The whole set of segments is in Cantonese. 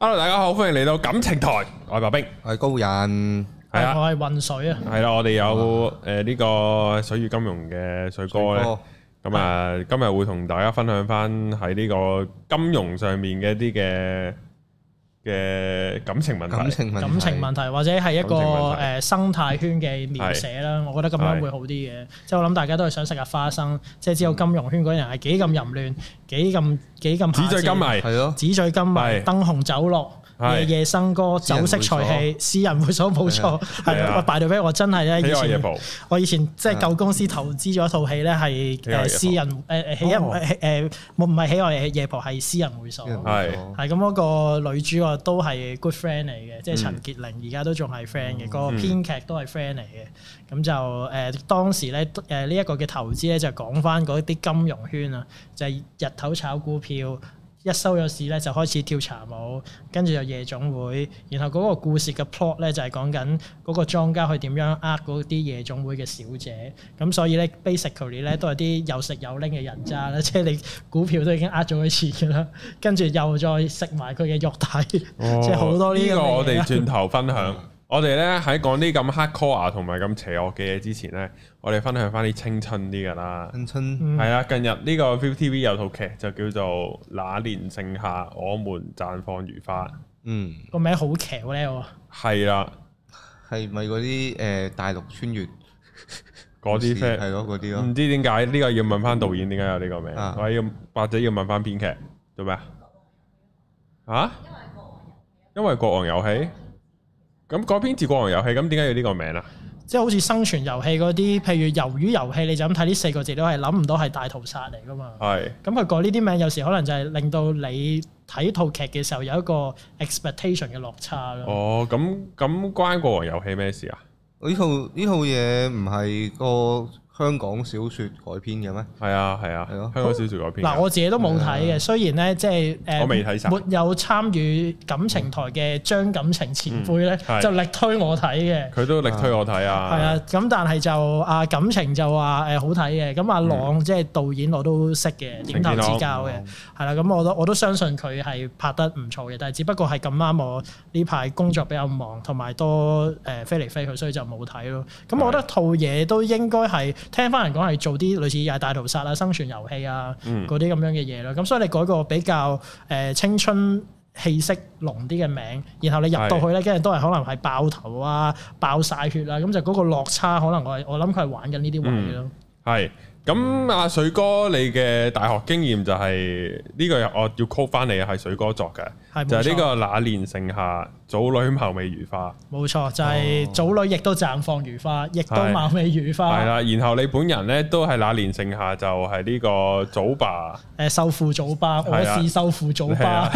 hello，大家好，歡迎嚟到感情台，我係白兵，我係高人，係啊，我係渾水啊，係啦，我哋有誒呢個水月金融嘅水哥咧，咁啊今日會同大家分享翻喺呢個金融上面嘅一啲嘅。嘅感情問題，感情問題，或者係一個誒生態圈嘅描寫啦。我覺得咁樣會好啲嘅。即係我諗大家都係想食粒花生。即係知道金融圈嗰啲人係幾咁淫亂，幾咁幾咁，紙醉金迷係咯，紙醉金迷，燈紅酒綠。夜夜笙歌、酒色財氣、私人會所，冇錯，係啦。我 b 到 t 我真係咧，以前我以前即係舊公司投資咗一套戲咧，係私人誒誒喜愛誒誒，我唔係喜愛夜婆，係私人會所。係咁，嗰個女主角都係 good friend 嚟嘅，即係陳潔玲，而家都仲係 friend 嘅。個編劇都係 friend 嚟嘅。咁就誒當時咧誒呢一個嘅投資咧，就講翻嗰啲金融圈啊，就係日頭炒股票。一收咗市咧就開始跳茶舞，跟住就夜總會，然後嗰個故事嘅 plot 咧就係講緊嗰個莊家去點樣呃嗰啲夜總會嘅小姐，咁所以咧 basically 咧都係啲有食有拎嘅人渣啦，即係你股票都已經呃咗一次噶啦，跟住又再食埋佢嘅肉體，即係好多呢啲。呢個我哋轉頭分享。 我哋咧喺講啲咁 hardcore 啊，同埋咁邪惡嘅嘢之前咧，我哋分享翻啲青春啲噶啦。青春係啊、嗯，近日呢個 ViuTV 有套劇就叫做《那年盛夏，我們綻放如花》。嗯，個名好巧咧，我係啦，係咪嗰啲誒大陸穿越嗰啲 fans 係咯，嗰啲咯？唔知點解呢個要問翻導演點解有呢個名？我要、啊、或者要問翻編劇做咩啊？吓？因為國王遊戲。咁改編自《國王遊戲》，咁點解要呢個名啊？即係好似生存遊戲嗰啲，譬如《魷魚遊戲》，你就咁睇呢四個字都係諗唔到係大屠殺嚟噶嘛？係是。咁佢改呢啲名，有時可能就係令到你睇套劇嘅時候有一個 expectation 嘅落差咯。哦，咁咁關《國王遊戲》咩事啊？哦、呢套呢套嘢唔係個。香港小説改編嘅咩？係啊，係啊，係咯。香港小説改編嗱、啊，我自己都冇睇嘅。啊、雖然咧，即係誒，我未睇晒。沒有參與《感情台》嘅張感情前輩咧，嗯啊、就力推我睇嘅。佢都力推我睇啊。係啊，咁、啊、但係就啊，感情就話誒、啊、好睇嘅。咁阿朗、嗯、即係導演我都識嘅，點頭之交嘅。係啦，咁、嗯啊、我都我都相信佢係拍得唔錯嘅。但係只不過係咁啱我呢排工作比較忙，同埋多誒飛嚟飛去，所以就冇睇咯。咁、啊、我覺得套嘢都應該係。聽翻人講係做啲類似又係大屠殺啊、生存遊戲啊嗰啲咁樣嘅嘢咯，咁所以你改個比較誒、呃、青春氣息濃啲嘅名，然後你入到去咧，跟住都係可能係爆頭啊、爆晒血啦、啊，咁就嗰個落差可能我我諗佢係玩緊呢啲位咯，係、嗯。咁阿、嗯、水哥，你嘅大學經驗就係、是、呢、這個，我要 call 翻你啊，係水哥作嘅，就係呢個那年盛夏，組女貌美如花，冇錯，就係、是、組女亦都綻放如花，哦、亦都貌美如花。係啦，然後你本人呢，都係那年盛夏就係呢個組爸，誒、呃，獸父組爸，我是獸父組爸。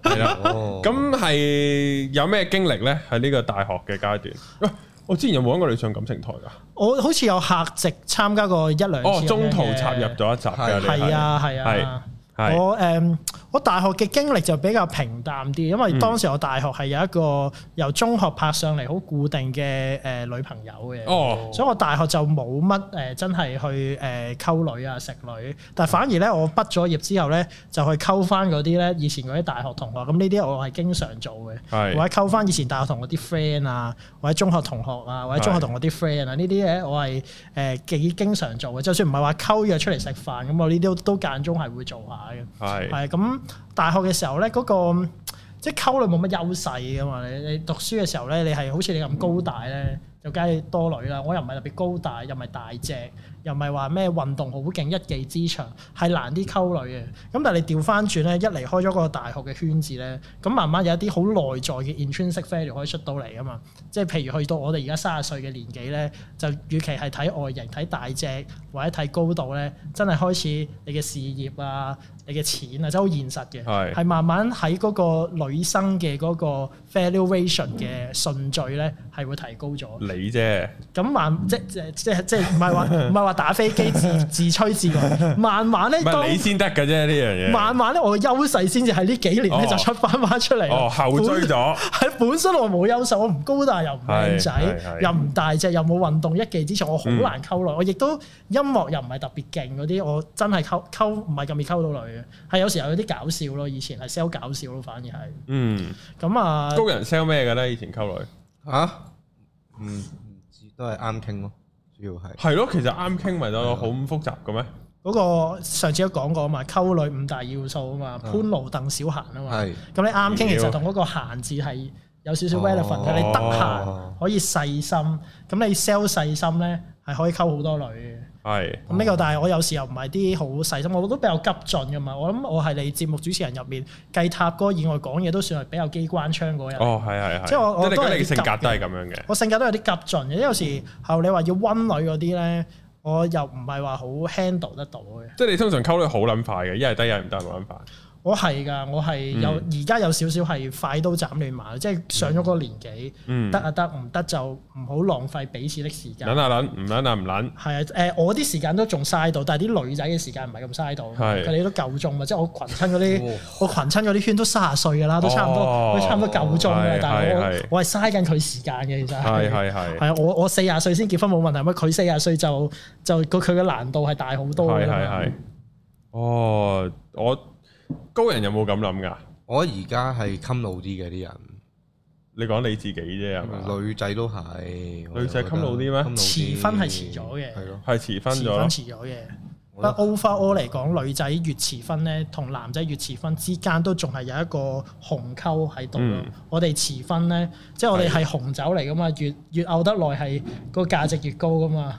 咁係有咩經歷呢？喺呢個大學嘅階段？ 我之前有冇揾過你上感情台㗎？我好似有客席參加過一兩次。哦，中途插入咗一集嘅。係啊，係啊。係，我誒。Um, 我大學嘅經歷就比較平淡啲，因為當時我大學係有一個由中學拍上嚟好固定嘅誒女朋友嘅，哦、所以我大學就冇乜誒真係去誒溝女啊食女。但反而咧，我畢咗業之後咧就去溝翻嗰啲咧以前嗰啲大學同學，咁呢啲我係經常做嘅，是或者溝翻以前大學同學啲 friend 啊，或者中學同學啊，或者中學同學啲 friend 啊，呢啲咧我係誒幾經常做嘅。就算唔係話溝約出嚟食飯咁，我呢啲都間中係會做下嘅。係咁是。大學嘅時候咧，嗰個即係溝女冇乜優勢嘅嘛。你你讀書嘅時候咧，你係好似你咁高大咧，就梗係多女啦。我又唔係特別高大，又唔係大隻。又唔係話咩運動好勁，一技之長，係難啲溝女嘅，咁但係你調翻轉咧，一離開咗個大學嘅圈子咧，咁慢慢有一啲好內在嘅 intrinsic value 可以出到嚟啊嘛，即係譬如去到我哋而家三十歲嘅年紀咧，就與其係睇外形、睇大隻或者睇高度咧，真係開始你嘅事業啊、你嘅錢啊，真係好現實嘅，係是慢慢喺嗰個女生嘅嗰個 valuation 嘅順序咧係、嗯、會提高咗。你啫，咁慢即即即即唔係話唔係話。 打飛機自自吹自擂，慢慢咧，你先得嘅啫呢樣嘢。慢慢咧，我嘅優勢先至喺呢幾年咧就出翻翻出嚟。哦，後追咗，係本身我冇優勢，我唔高大又唔靚仔，又唔大隻，又冇運動一技之長，我好難溝女。我亦都音樂又唔係特別勁嗰啲，我真係溝溝唔係咁易溝到女嘅。係有時候有啲搞笑咯，以前係 sell 搞笑咯，反而係嗯咁啊，高人 sell 咩嘅咧？以前溝女啊，嗯，唔知，都係啱傾咯。要係係咯，其實啱傾咪就係好複雜嘅咩？嗰個上次都講過啊嘛，溝女五大要素啊嘛，潘驢鄧小閒啊嘛。係的。咁你啱傾，其實同嗰個閒字係有少少 relevant 嘅。的你得閒可以細心，咁、哦、你 sell 細心咧，係可以溝好多女嘅。係咁呢個，嗯、但係我有時候又唔係啲好細心，我都比較急進嘅嘛。我諗我係你節目主持人入面計塔哥以外講嘢，都算係比較機關槍嗰人。哦，係係係。即係我即我都係急。即係你性格都係咁樣嘅。我性格都有啲急進嘅，因有時候你話要温女嗰啲咧，我又唔係話好 handle 得到嘅。即係你通常溝女好撚快嘅，一係得，一係唔得，好撚快。我係㗎，我係有而家有少少係快刀斬亂麻，即係上咗嗰個年紀，得啊得，唔得就唔好浪費彼此嘅時間。撚下撚，唔撚啊唔撚。係啊，誒我啲時間都仲嘥到，但係啲女仔嘅時間唔係咁嘥到，佢哋都夠鐘嘛。即係我群親嗰啲，我羣親啲圈都三十歲㗎啦，都差唔多，都差唔多夠鐘嘅。但係我我係嘥緊佢時間嘅，其實係係係係啊！我我四十歲先結婚冇問題，咁佢四十歲就就佢嘅難度係大好多㗎。係係係。哦，我。高人有冇咁諗噶我而家係襟老啲嘅啲人，你講你自己啫，係嘛？女仔都係，女仔襟老啲咩？遲婚係遲咗嘅，係遲婚遲咗嘅。不過 overall 嚟講，女仔越遲婚咧，同男仔越遲婚之間都仲係有一個鴻溝喺度。我哋遲婚咧，即係我哋係紅酒嚟噶嘛，越越漚得耐係個價值越高噶嘛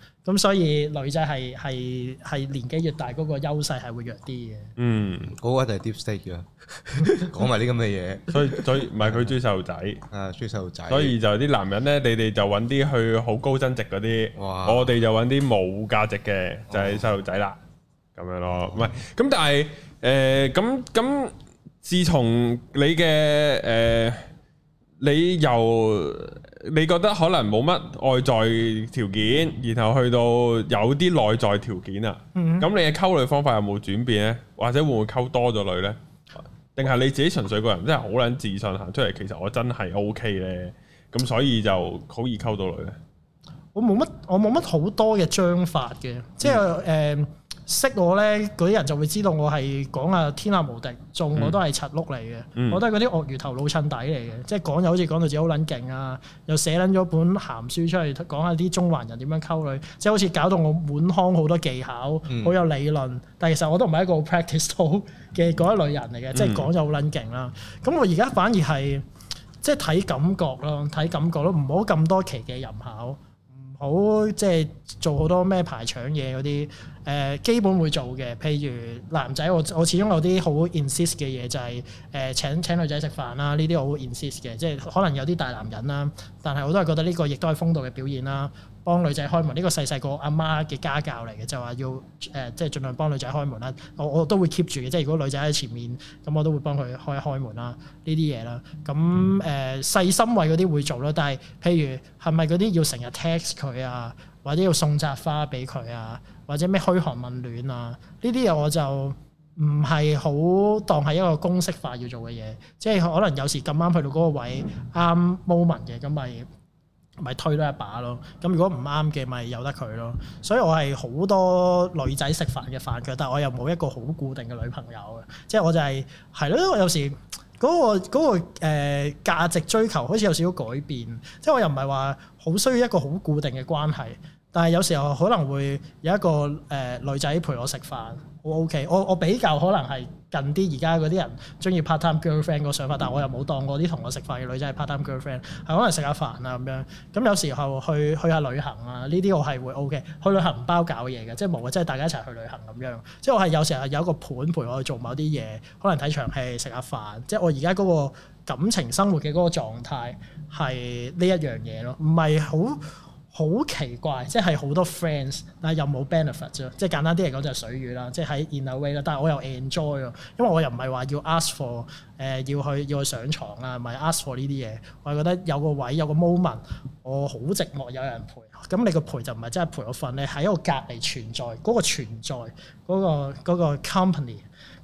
咁所以女仔係係係年紀越大嗰、嗰個優勢係會弱啲嘅。嗯，嗰個就係 deep state 啊！講埋啲咁嘅嘢，所以所以唔係佢追細路仔，啊追細路仔，所以就啲男人咧，你哋就揾啲去好高增值嗰啲，哇我哋就揾啲冇價值嘅就係細路仔啦，咁、啊、樣咯，唔係咁但係誒咁咁，自從你嘅誒。呃你又你覺得可能冇乜外在條件，然後去到有啲內在條件啊？咁、嗯、你嘅溝女方法有冇轉變呢？或者會唔會溝多咗女呢？定係你自己純粹個人真係好撚自信行出嚟，其實我真係 OK 呢。咁所以就好易溝到女呢。我冇乜，我冇乜好多嘅章法嘅，嗯、即係誒。Uh, 識我咧，嗰啲人就會知道我係講啊天下無敵，仲、嗯、我都係柒碌嚟嘅。我覺得嗰啲鱷魚頭老襯底嚟嘅，嗯、即係講就好似講到自己好撚勁啊，又寫撚咗本鹹書出嚟講下啲中環人點樣溝女，即係好似搞到我滿腔好多技巧，好、嗯、有理論，但其實我都唔係一個 practice 到嘅嗰一類人嚟嘅、嗯啊，即係講就好撚勁啦。咁我而家反而係即係睇感覺咯，睇感覺咯，唔好咁多奇技淫巧，唔好即係做好多咩排搶嘢嗰啲。誒基本會做嘅，譬如男仔我我始終有啲好 insist 嘅嘢，就係、是、誒請請女仔食飯啦，呢啲我會 insist 嘅，即係可能有啲大男人啦，但係我都係覺得呢個亦都係風度嘅表現啦，幫女仔開門呢、這個細細個阿媽嘅家教嚟嘅，就話要誒、呃、即係盡量幫女仔開門啦，我我都會 keep 住嘅，即係如果女仔喺前面咁，我都會幫佢開開門啦，呢啲嘢啦，咁誒、呃、細心位嗰啲會做咯，但係譬如係咪嗰啲要成日 text 佢啊？或者要送扎花俾佢啊，或者咩噓寒問暖啊，呢啲嘢我就唔係好當係一個公式化要做嘅嘢，即係可能有時咁啱去到嗰個位啱 moment 嘅，咁咪咪推多一把咯。咁如果唔啱嘅，咪由得佢咯。所以我係好多女仔食飯嘅飯腳，但係我又冇一個好固定嘅女朋友，即係我就係係咯，我有時。嗰個嗰個，呃，價值追求開始有少少改變，即係我又唔係話好需要一個好固定嘅關係。但係有時候可能會有一個誒、呃、女仔陪我食飯，我 OK，我我比較可能係近啲而家嗰啲人中意 part time girlfriend 個想法，但我又冇當過啲同我食飯嘅女仔係 part time girlfriend，係可能食下飯啊咁樣。咁有時候去去，去下旅行啊，呢啲我係會 OK。去旅行唔包搞嘢嘅，即係冇，即係大家一齊去旅行咁樣。即係我係有時候有一個伴陪我去做某啲嘢，可能睇場戲、食下飯。即係我而家嗰個感情生活嘅嗰個狀態係呢一樣嘢咯，唔係好。好奇怪，即係好多 friends，但係又冇 benefit 啫。即係簡單啲嚟講就係水魚啦，即係喺 in a way 啦。但係我又 enjoy 咯，因為我又唔係話要 ask for 誒、呃、要去要去上床啦，唔係 ask for 呢啲嘢。我覺得有個位有個 moment，我好寂寞有人陪。咁你個陪就唔係真係陪我瞓咧，喺我隔離存在嗰、嗰個存在嗰、嗰個嗰、嗰個 company。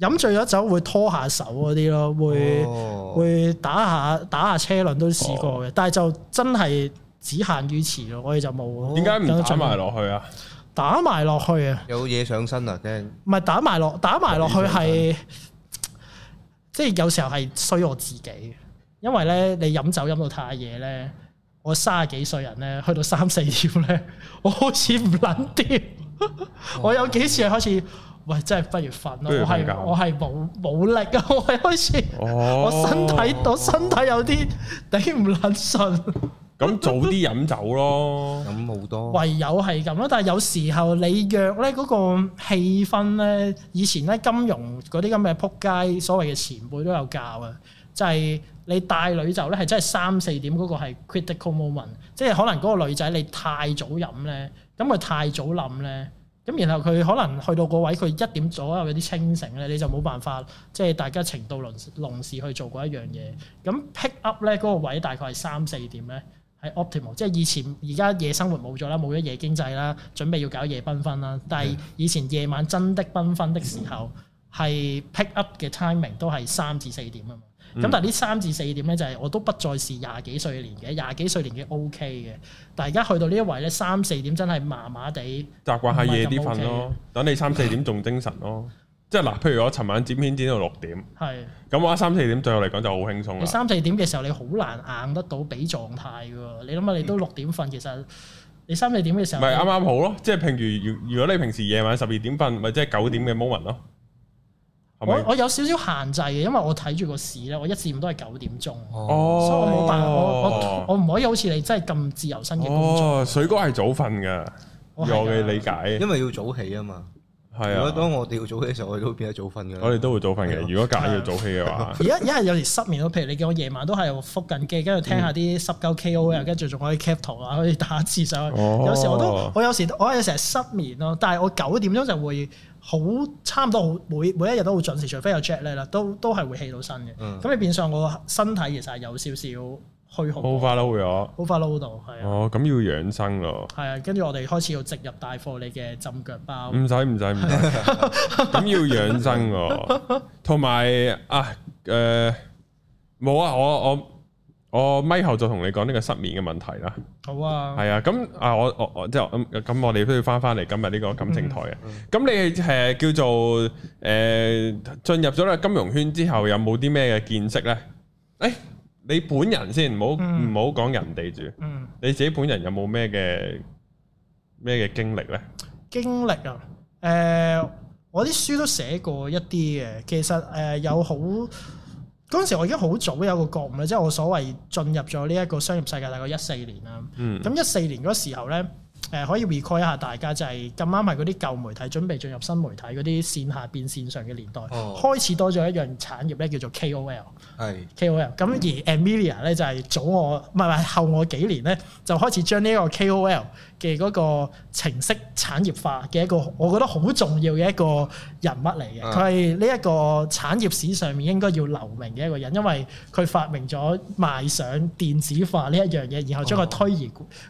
飲醉咗酒會拖下手嗰啲咯，會會打下打下車輪都試過嘅，哦、但係就真係只限於此咯，我哋就冇。點解唔打埋落去啊？打埋落去啊！有嘢上身啊！驚，唔係打埋落打埋落去係，即係有，有時候係衰我自己，因為咧你飲酒飲到太夜咧，我三十幾歲人咧，去到三四點咧，我好似唔撚掂，哦、 我有幾次開始。喂，真係不如瞓咯！我係我係冇冇力啊！我係開始、哦 我，我身體我身體有啲頂唔穩順。咁早啲飲酒咯，飲好 多。唯有係咁咯，但係有時候你約咧嗰個氣氛咧，以前咧金融嗰啲咁嘅仆街，所謂嘅前輩都有教啊，就係、是、你帶女就咧係真係三四點嗰個係 critical moment，即係可能嗰個女仔你太早飲咧，咁佢太早冧咧。咁然後佢可能去到個位，佢一點左右有啲清醒咧，你就冇辦法，即、就、係、是、大家程度，臨臨時去做嗰一樣嘢。咁 pick up 咧嗰個位大概係三四點咧，係 optimal。即係以前而家夜生活冇咗啦，冇咗夜經濟啦，準備要搞夜繽紛啦。但係以前夜晚真的繽紛的時候，係、嗯、pick up 嘅 timing 都係三至四點啊。咁、嗯、但係呢三至四點咧，就係我都不再是廿幾歲年嘅，廿幾歲年嘅 OK 嘅。但係而家去到呢一位咧，三四點真係麻麻地。習慣下夜啲瞓咯，啊、等你三四點仲精神咯、啊。 即係嗱，譬如我尋晚剪片剪到六點，係咁的我三四點對我嚟講就好輕鬆啦。三四點嘅時候你好難硬得到比狀態嘅喎，你諗下你都六點瞓，嗯、其實你三四點嘅時候咪啱啱好咯。即係譬如如如果你平時夜晚十二點瞓，咪即係九點嘅 moment 咯。是是我，我有少少限制嘅，因為我睇住個市咧，我一至五都係九點鐘，哦、所以但我冇辦法，我我唔可以好似你真係咁自由身嘅工作。水哥係早瞓㗎，哦、我嘅理解，因為要早起啊嘛。係啊，如果當我哋要早起嘅時候，我哋都變咗早瞓嘅。我哋都會早瞓嘅，啊、如果假要早起嘅話。而家而家有時失眠咯，譬如你見我夜晚都係復緊機，跟住聽下啲濕鳩 K O L，跟住仲可以 cap 圖啊，可以打字上去。哦、有時我都有時我有時我有成日失眠咯，但係我九點鐘就會。好差唔多好每每一日都好準時，除非有 Jack 咧啦，都都係會起到身嘅。咁你、嗯、變相我身體其實係有少少虛耗。好發嬲咗。好發嬲到係哦，咁要養生咯。係啊，跟住我哋開始要植入大貨你嘅浸腳包。唔使唔使唔使，咁、啊、 要養生㗎。同埋啊，誒、呃、冇啊，我我。我咪後就同你講呢個失眠嘅問題啦。好啊，係啊，咁啊，我我我即係咁，咁、嗯、我哋都要翻翻嚟今日呢個感情台嘅。咁、嗯嗯、你誒、呃、叫做誒進、呃、入咗咧金融圈之後，有冇啲咩嘅見識咧？誒、欸，你本人先，唔好唔好講人哋住。嗯，嗯你自己本人有冇咩嘅咩嘅經歷咧？經歷啊，誒、呃，我啲書都寫過一啲嘅，其實誒、呃、有好。嗰陣時我已經好早有個覺悟啦，即係我所謂進入咗呢一個商業世界大概一四年啦。咁一四年嗰時候咧，誒、呃、可以 recall 一下大家就係咁啱係嗰啲舊媒體準備進入新媒體嗰啲線下變線上嘅年代，哦、開始多咗一樣產業咧叫做 KOL 是。係 KOL。咁而 Amelia 咧就係早我唔係唔係後我幾年咧，就開始將呢個 KOL。嘅嗰個程式產業化嘅一個我覺得好重要嘅一個人物嚟嘅，佢係呢一個產業史上面應該要留名嘅一個人，因為佢發明咗賣相電子化呢一樣嘢，然後將佢推而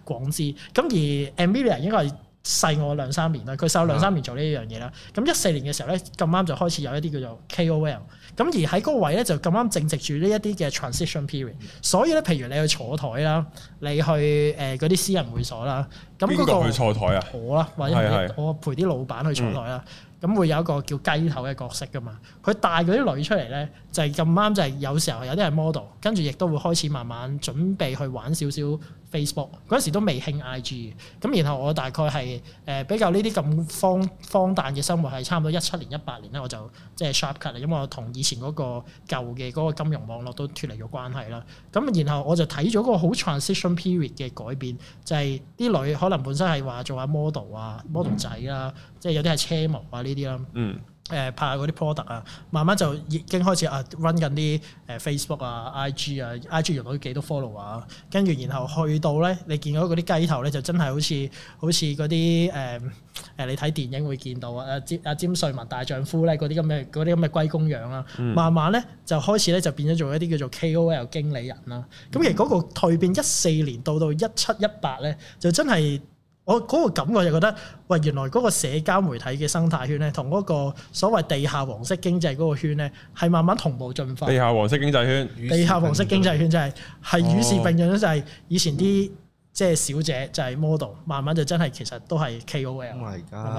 廣之，咁而 Amelia 應該係。細我兩三年啦，佢細我兩三年做呢一樣嘢啦。咁一四年嘅時候咧，咁啱就開始有一啲叫做 KOL。咁而喺嗰個位咧，就咁啱正值住呢一啲嘅 transition period。所以咧，譬如你去坐台啦，你去誒嗰啲私人會所啦，咁邊個去坐台啊？我啦，或者我陪啲老闆去坐台啦。咁會有一個叫雞頭嘅角色㗎嘛？佢帶嗰啲女出嚟咧，就係咁啱，就係有時候有啲係 model，跟住亦都會開始慢慢準備去玩少少 Facebook 嗰陣時都未興 IG，咁然後我大概係誒、呃、比較呢啲咁荒荒誕嘅生活係差唔多一七年一八年咧，我就即係 sharp cut 啦，因為我同以前嗰個舊嘅嗰個金融網絡都脱離咗關係啦。咁然後我就睇咗個好 transition period 嘅改變，就係、是、啲女可能本身係話做下 mod model 啊，model 仔啦，即係有啲係車模啊。呢啲啦，誒、嗯、拍下嗰啲 product 啊，慢慢就已經開始啊，run 緊啲誒 Facebook 啊、IG 啊、IG 原來都幾多 follow 啊，跟住然後去到咧，你見到嗰啲雞頭咧，就真係好似好似嗰啲誒誒，你睇電影會見到啊，阿阿詹瑞文大丈夫咧，嗰啲咁嘅嗰啲咁嘅龜公樣啦，嗯、慢慢咧就開始咧就變咗做一啲叫做 KOL 經理人啦。咁、嗯、其實嗰個蛻變一四年到到一七一八咧，就真係。我嗰個感覺就覺得，喂，原來嗰個社交媒體嘅生態圈咧，同嗰個所謂地下黃色經濟嗰個圈咧，係慢慢同步進化。地下黃色經濟圈。地下黃色經濟圈就係係與時並進就係以前啲即係小姐就係 model，慢慢就真係其實都係 KOL、oh。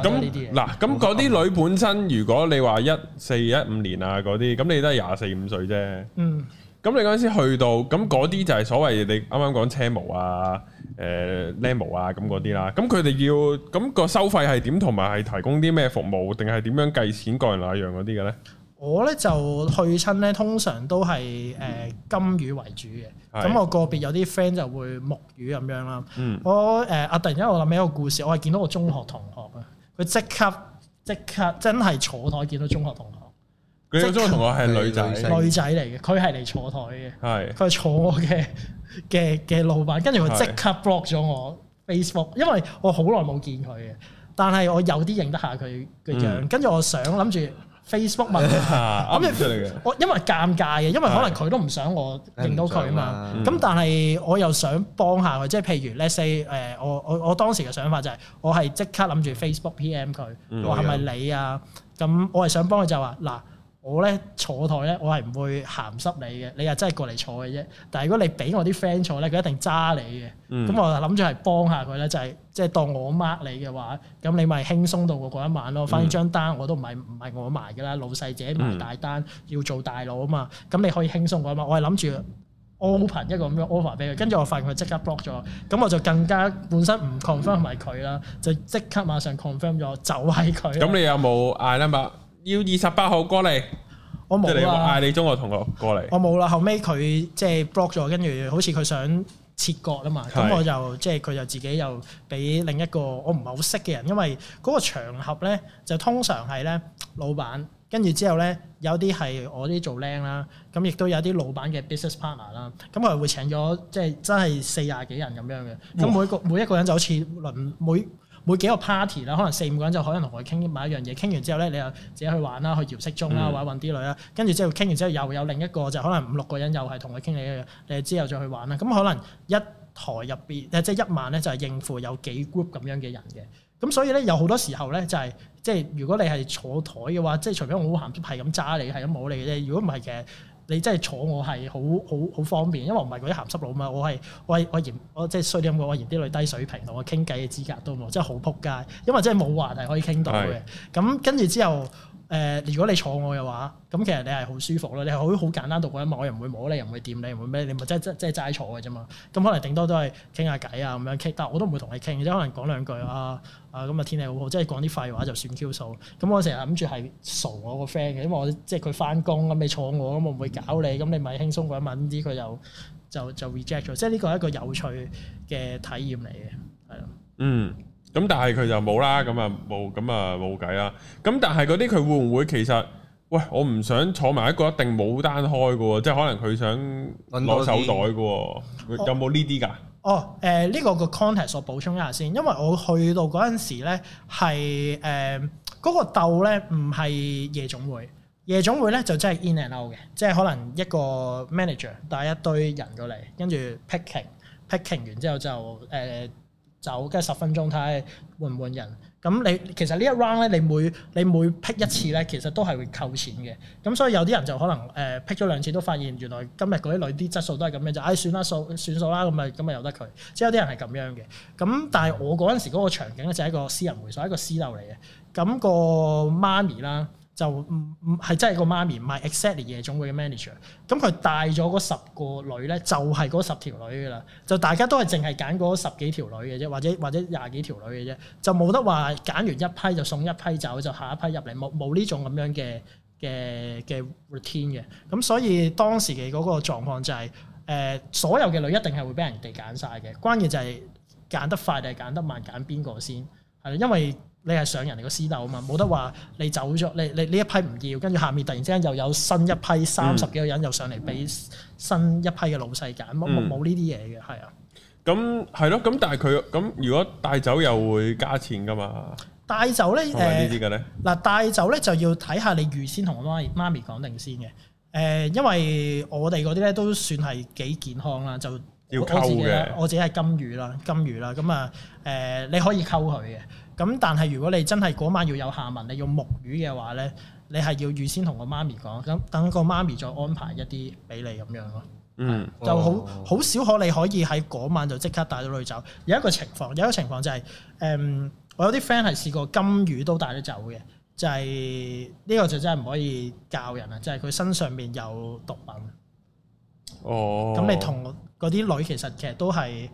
咁嗱，咁嗰啲女本身，如果你話一四一五年啊嗰啲，咁你都係廿四五歲啫。嗯。咁你嗰陣時去到，咁嗰啲就係所謂你啱啱講車模啊。Lemon 啊咁嗰啲啦，咁佢哋要咁、嗰個收費係點，同埋係提供啲咩服務，定係點樣計錢各人那樣嗰啲嘅咧？我咧就去親咧，通常都係誒、呃、金魚為主嘅，咁、嗯、我個別有啲 friend 就會木魚咁樣啦。嗯、我誒啊、呃！突然之間我諗起一個故事，我係見到個中學同學啊，佢即刻即刻、即刻真係坐台見到中學同學。佢嗰同我係女仔，女仔嚟嘅，佢係嚟坐台嘅，係佢是坐我嘅嘅嘅老闆，跟住佢即刻 block 咗我是 Facebook，因為我好耐冇見佢嘅，但係我有啲認得下佢嘅樣，跟住、嗯、我想諗住 Facebook 問，啱嘅嚟嘅，我 因為尷尬嘅，因為可能佢都唔想我認到佢啊嘛，咁、嗯、但係我又想幫下佢，即係譬如 let’s say 誒，我我我當時嘅想法就係、是、我係即刻諗住 Facebook PM 佢，話係咪你啊？咁我係想幫佢就話嗱。嗯嗯我咧坐台咧，我係唔會鹹濕你嘅，你又真係過嚟坐嘅啫。但係如果你俾我啲 friend 坐咧，佢一定揸你嘅。咁、嗯、我就諗住係幫下佢咧，就係、是、即係當我 mark 你嘅話，咁你咪輕鬆到過嗰一晚咯。反正張單,單我都唔係唔係我埋噶啦，老細自己埋大單，嗯、要做大佬啊嘛。咁你可以輕鬆過嗰一晚。我係諗住 open 一個咁樣 offer 俾佢，跟住我發現佢即刻 block 咗。咁我就更加本身唔 confirm 埋佢啦，嗯、就即刻馬上 confirm 咗就係佢。咁你有冇 i t e 要二十八號過嚟，我冇啊！嗌你，你中學同學過嚟，我冇啦。後尾佢即係 block 咗，跟住好似佢想切割啊嘛。咁是的 我就即係佢就自己又俾另一個我唔係好識嘅人，因為嗰個場合咧就通常係咧老闆，跟住之後咧有啲係我啲做靚啦，咁亦都有啲老闆嘅 business partner 啦。咁我係會請咗即係真係四廿幾人咁樣嘅，咁每個每一個人就好似輪每。哇每每幾個 party 啦，可能四五個人就可能同佢傾埋一樣嘢。傾完之後咧，你又自己去玩啦，去搖骰盅啦，或者揾啲女啦。跟住之後傾完之後，又有另一個就可能五六個人又係同佢傾你一樣。你之後再去玩啦。咁、嗯、可能一台入邊，誒即係一晚咧就係應付有幾 group 咁樣嘅人嘅。咁所以咧有好多時候咧就係即係如果你係坐台嘅話，即係除非我好鹹濕係咁揸你，係咁摸你嘅啫。如果唔係嘅，你真係坐我係好好好方便，因為我唔係嗰啲鹹濕佬嘛，我係我我嫌我即係衰啲咁講，我嫌啲女低水平，同我傾偈嘅資格都冇，真係好仆街，因為真係冇話題可以傾到嘅。咁是的 跟住之後。誒，如果你坐我嘅話，咁其實你係好舒服咯，你係好好簡單度過一晚，我又唔會摸你，又唔會掂你，又唔會咩，你咪即即即齋坐嘅啫嘛。咁可能頂多都係傾下偈啊，咁樣傾，但我都唔會同你傾，即可能講兩句啊，咁啊天，天氣好好，即係講啲廢話就算 Q 數。咁我成日諗住係傻我個 friend 嘅，因為我即係佢翻工，咁你坐我，咁我唔會搞你，咁你咪輕鬆過一晚啲，佢就就就 reject 咗。即係呢個係一個有趣嘅體驗嚟嘅，係咯。嗯。咁但係佢就冇啦，咁啊冇，咁啊冇計啦。咁但係嗰啲佢會唔會其實？喂，我唔想坐埋一個一定冇單開嘅喎，即係可能佢想攞手袋嘅喎，有冇呢啲㗎？哦，誒、呃、呢、呢個個 context 我補充一下先，因為我去到嗰陣時咧，係誒嗰個鬥咧唔係夜總會，夜總會咧就真係 in and out 嘅，即係可能一個 manager 帶一堆人過嚟，跟住 picking，picking 完之後就誒。呃走，跟十分鐘睇下換唔換人？咁你其實呢一 round 咧，你每你每 pick 一次咧，其實都係會扣錢嘅。咁所以有啲人就可能誒 pick 咗兩次都發現，原來今日嗰啲女啲質素都係咁樣，就唉算啦，數算數啦，咁咪咁咪由得佢。即係有啲人係咁樣嘅。咁但係我嗰陣時嗰個場景咧，就係一個私人會所，一個私樓嚟嘅。咁個媽咪啦。就唔唔係真係個媽咪，唔係 exactly 夜總會嘅 manager。咁佢帶咗嗰十個女咧，就係、是、嗰十條女㗎啦。就大家都係淨係揀嗰十幾條女嘅啫，或者或者廿幾條女嘅啫，就冇得話揀完一批就送一批走，就下一批入嚟冇冇呢種咁樣嘅嘅嘅 routine 嘅。咁所以當時嘅嗰個狀況就係、是、誒、呃，所有嘅女一定係會俾人哋揀晒嘅。關鍵就係揀得快定係揀得慢，揀邊個先係因為。你係上人哋個私竇啊嘛，冇得話你走咗，你你呢一批唔要，跟住下面突然之間又有新一批三十幾個人又上嚟俾新一批嘅老細揀，冇冇呢啲嘢嘅，係、嗯嗯嗯嗯、啊。咁係咯，咁、啊、但係佢咁如果帶走又會加錢噶嘛？帶走咧誒，嗱、呃、帶走咧就要睇下你預先同我媽咪媽咪講定先嘅。誒、呃，因為我哋嗰啲咧都算係幾健康啦，就要自己嘅，我自己係金魚啦，金魚啦，咁啊誒，你可以溝佢嘅。咁但係如果你真係嗰晚要有下文，你要木魚嘅話呢，你係要預先同個媽咪講，咁等個媽咪再安排一啲俾你咁樣咯。嗯，就好好、哦、少可你可以喺嗰晚就即刻帶咗女走。有一個情況，有一個情況就係、是，誒、嗯，我有啲 friend 係試過金魚都帶咗走嘅，就係、是、呢、這個就真係唔可以教人啊，就係、是、佢身上面有毒品。哦。咁你同嗰啲女其實其實都係。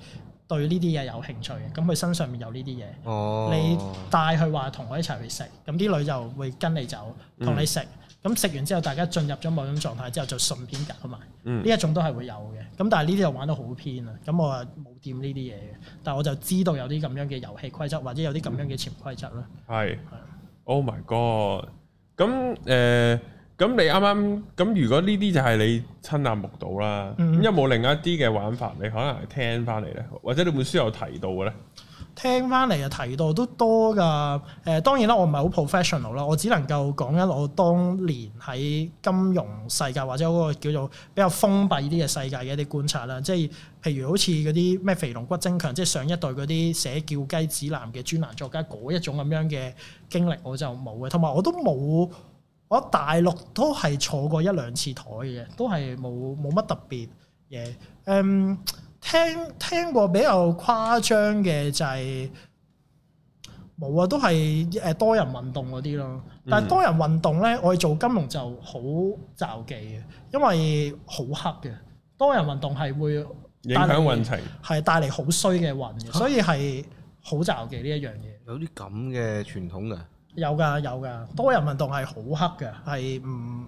對呢啲嘢有興趣嘅，咁佢身上面有呢啲嘢，oh. 你帶佢話同佢一齊去食，咁啲女就會跟你走，同你食，咁食、嗯、完之後大家進入咗某種狀態之後就順便夾埋，呢、嗯、一種都係會有嘅。咁但係呢啲又玩得好偏啊！咁我啊冇掂呢啲嘢嘅，但係我就知道有啲咁樣嘅遊戲規則，或者有啲咁樣嘅潛規則啦。係係、嗯，Oh my God！咁誒。呃咁你啱啱咁，如果呢啲就係你親眼目睹啦，嗯、有冇另一啲嘅玩法，你可能係聽翻嚟咧，或者你本書有，有提到嘅咧？聽翻嚟啊，提到都多噶。誒、呃，當然啦，我唔係好 professional 啦，我只能夠講緊我當年喺金融世界或者嗰個叫做比較封閉啲嘅世界嘅一啲觀察啦。即係譬如好似嗰啲咩肥龍骨精強，即係上一代嗰啲寫叫雞指南嘅專欄作家嗰一種咁樣嘅經歷，我就冇嘅，同埋我都冇。我大陸都係坐過一兩次枱嘅，都係冇冇乜特別嘢。嗯、um，聽聽過比較誇張嘅就係、是、冇啊，都係誒、呃、多人運動嗰啲咯。但係多人運動呢，我哋做金融就好驕忌嘅，因為好黑嘅。多人運動係會影響運程，係帶嚟好衰嘅運嘅，所以係好驕忌呢一樣嘢。有啲咁嘅傳統嘅。有噶有噶，多人運動係好黑嘅，係唔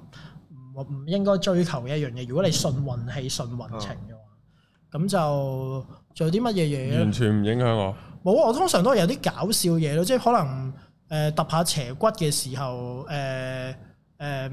唔應該追求嘅一樣嘢。如果你信運氣、信運程嘅話，咁、啊、就做啲乜嘢嘢咧？完全唔影響我。冇，我通常都係有啲搞笑嘢咯，即係可能誒揼、呃、下斜骨嘅時候，誒、呃、誒、呃，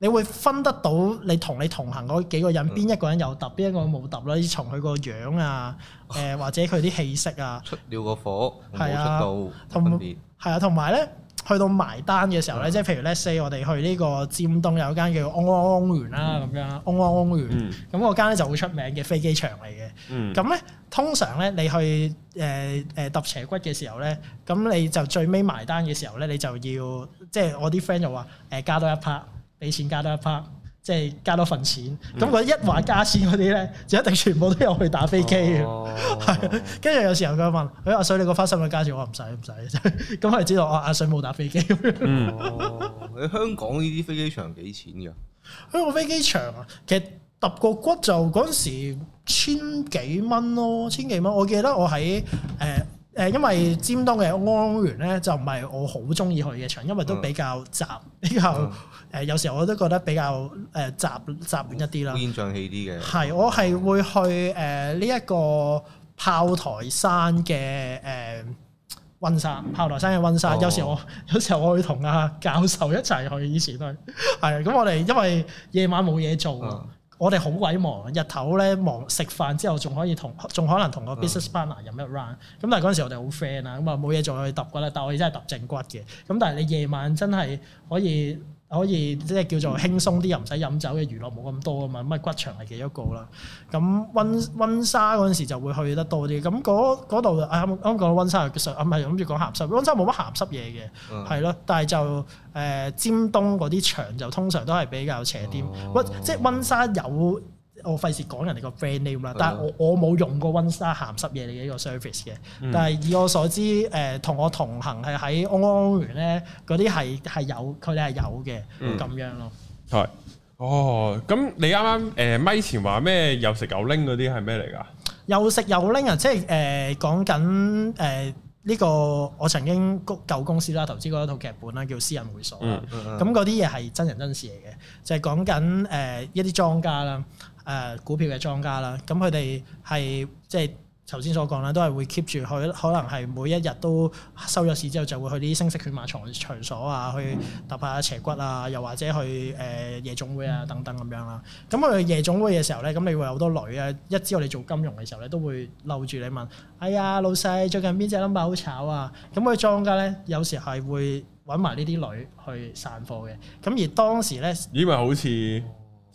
你會分得到你同你同行嗰幾個人邊、嗯、一個人有揼，邊一個冇揼啦。從佢個樣啊，誒 或者佢啲氣息啊，出了個火冇對出到，係啊，同埋咧。去到埋單嘅時候咧，即係、啊、譬如 let's say，我哋去呢個尖東有間叫嗡嗡嗡園啦，咁、嗯、樣嗡嗡嗡園，咁個間咧就好出名嘅飛機場嚟嘅。咁咧、嗯、通常咧你去誒誒揼斜骨嘅時候咧，咁你就最尾埋單嘅時候咧，你就要即係、就是、我啲 friend 就話誒加多一 part，俾錢加多一 part。即係加多份錢，咁佢、嗯、一話加錢嗰啲咧，就一定全部都有去打飛機嘅，係、啊。跟住 有時候佢問，誒、哎、阿水你個花心嘅加錢我唔使唔使，咁係知道我阿水冇打飛機咁樣。喺、 嗯、香港呢啲飛機場幾錢㗎？嗯、香港飛機場啊、嗯，其實揼個骨就嗰陣時千幾蚊咯，千幾蚊。我記得我喺誒。呃誒，因為尖東嘅安園咧，就唔係我好中意去嘅場，因為都比較雜，比較誒、嗯嗯、有時候我都覺得比較誒雜、嗯、雜亂一啲啦。烏煙瘴氣啲嘅。係，我係會去誒呢一個炮台山嘅誒溫室，炮台山嘅溫室。有時我有時候我會同阿教授一齊去，以前去。係，咁我哋因為夜晚冇嘢做。嗯我哋好鬼忙，日頭咧忙食飯之後，仲可以同仲可能同個 business partner 飲、嗯、一 round 咁，但係嗰陣時我哋好 friend 啊，咁啊冇嘢做就去揼㗎啦。但係我哋真係揼正骨嘅。咁但係你夜晚真係可以。可以即係叫做輕鬆啲，又唔使飲酒嘅娛樂冇咁多啊嘛，乜骨場係幾多個啦？咁温温莎嗰陣時就會去得多啲，咁嗰嗰度啊，香港温莎，嘅上啊，唔係諗住講鹹濕，温莎冇乜鹹濕嘢嘅。係咯、啊。但係就誒、呃、尖東嗰啲場就通常都係比較斜啲，啊、即係温莎有。我費事講人哋個 friend name 啦，但係我我冇用過温莎鹹濕嘢嘅呢個 service 嘅。但係以我所知，誒同我同行係喺安安源咧，嗰啲係係有佢哋係有嘅咁樣咯。係哦，咁你啱啱誒咪以前話咩？又食又拎嗰啲係咩嚟㗎？又食又拎啊！即係誒講緊誒呢個我曾經舊公司啦，投資過一套劇本啦，叫私人會所。嗯嗯嗯。咁嗰啲嘢係真人真事嚟嘅，就係講緊誒一啲莊家啦。誒、啊、股票嘅莊家啦，咁佢哋係即係頭先所講啦，都係會 keep 住佢可能係每一日都收咗市之後，就會去啲聲色犬馬場場所啊，去揼下邪骨啊，又或者去誒、呃、夜總會啊等等咁樣啦。咁去夜總會嘅時候咧，咁你會有好多女啊。一知我哋做金融嘅時候咧，都會溜住你問：哎呀，老細最近邊隻 number 好炒啊？咁佢莊家咧有時係會揾埋呢啲女去散貨嘅。咁而當時咧，以為好似？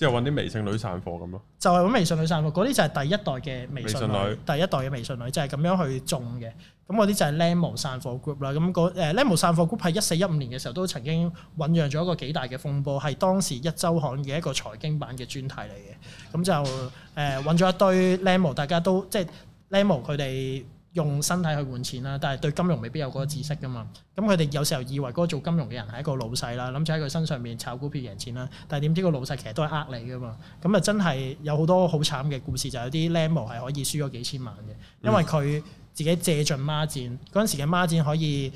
即係搵啲微信女散貨咁咯，就係搵微信女散貨，嗰啲就係第一代嘅微信女，信女第一代嘅微信女就係咁樣去種嘅，咁嗰啲就係 Lemo 散貨 group 啦。咁、嗰個 Lemo 散貨 group 係一四一五年嘅時候都曾經醖釀咗一個幾大嘅風波，係當時一周刊嘅一個財經版嘅專題嚟嘅。咁就誒揾咗一堆 Lemo，大家都即係、就係、Lemo 佢哋。用身體去換錢啦，但係對金融未必有嗰個知識噶嘛。咁佢哋有時候以為嗰個做金融嘅人係一個老細啦，諗住喺佢身上面炒股票贏錢啦。但係點知個老細其實都係呃你噶嘛。咁啊真係有好多好慘嘅故事，就係有啲僆模係可以輸咗幾千萬嘅，因為佢自己借盡孖展嗰陣時嘅孖展可以。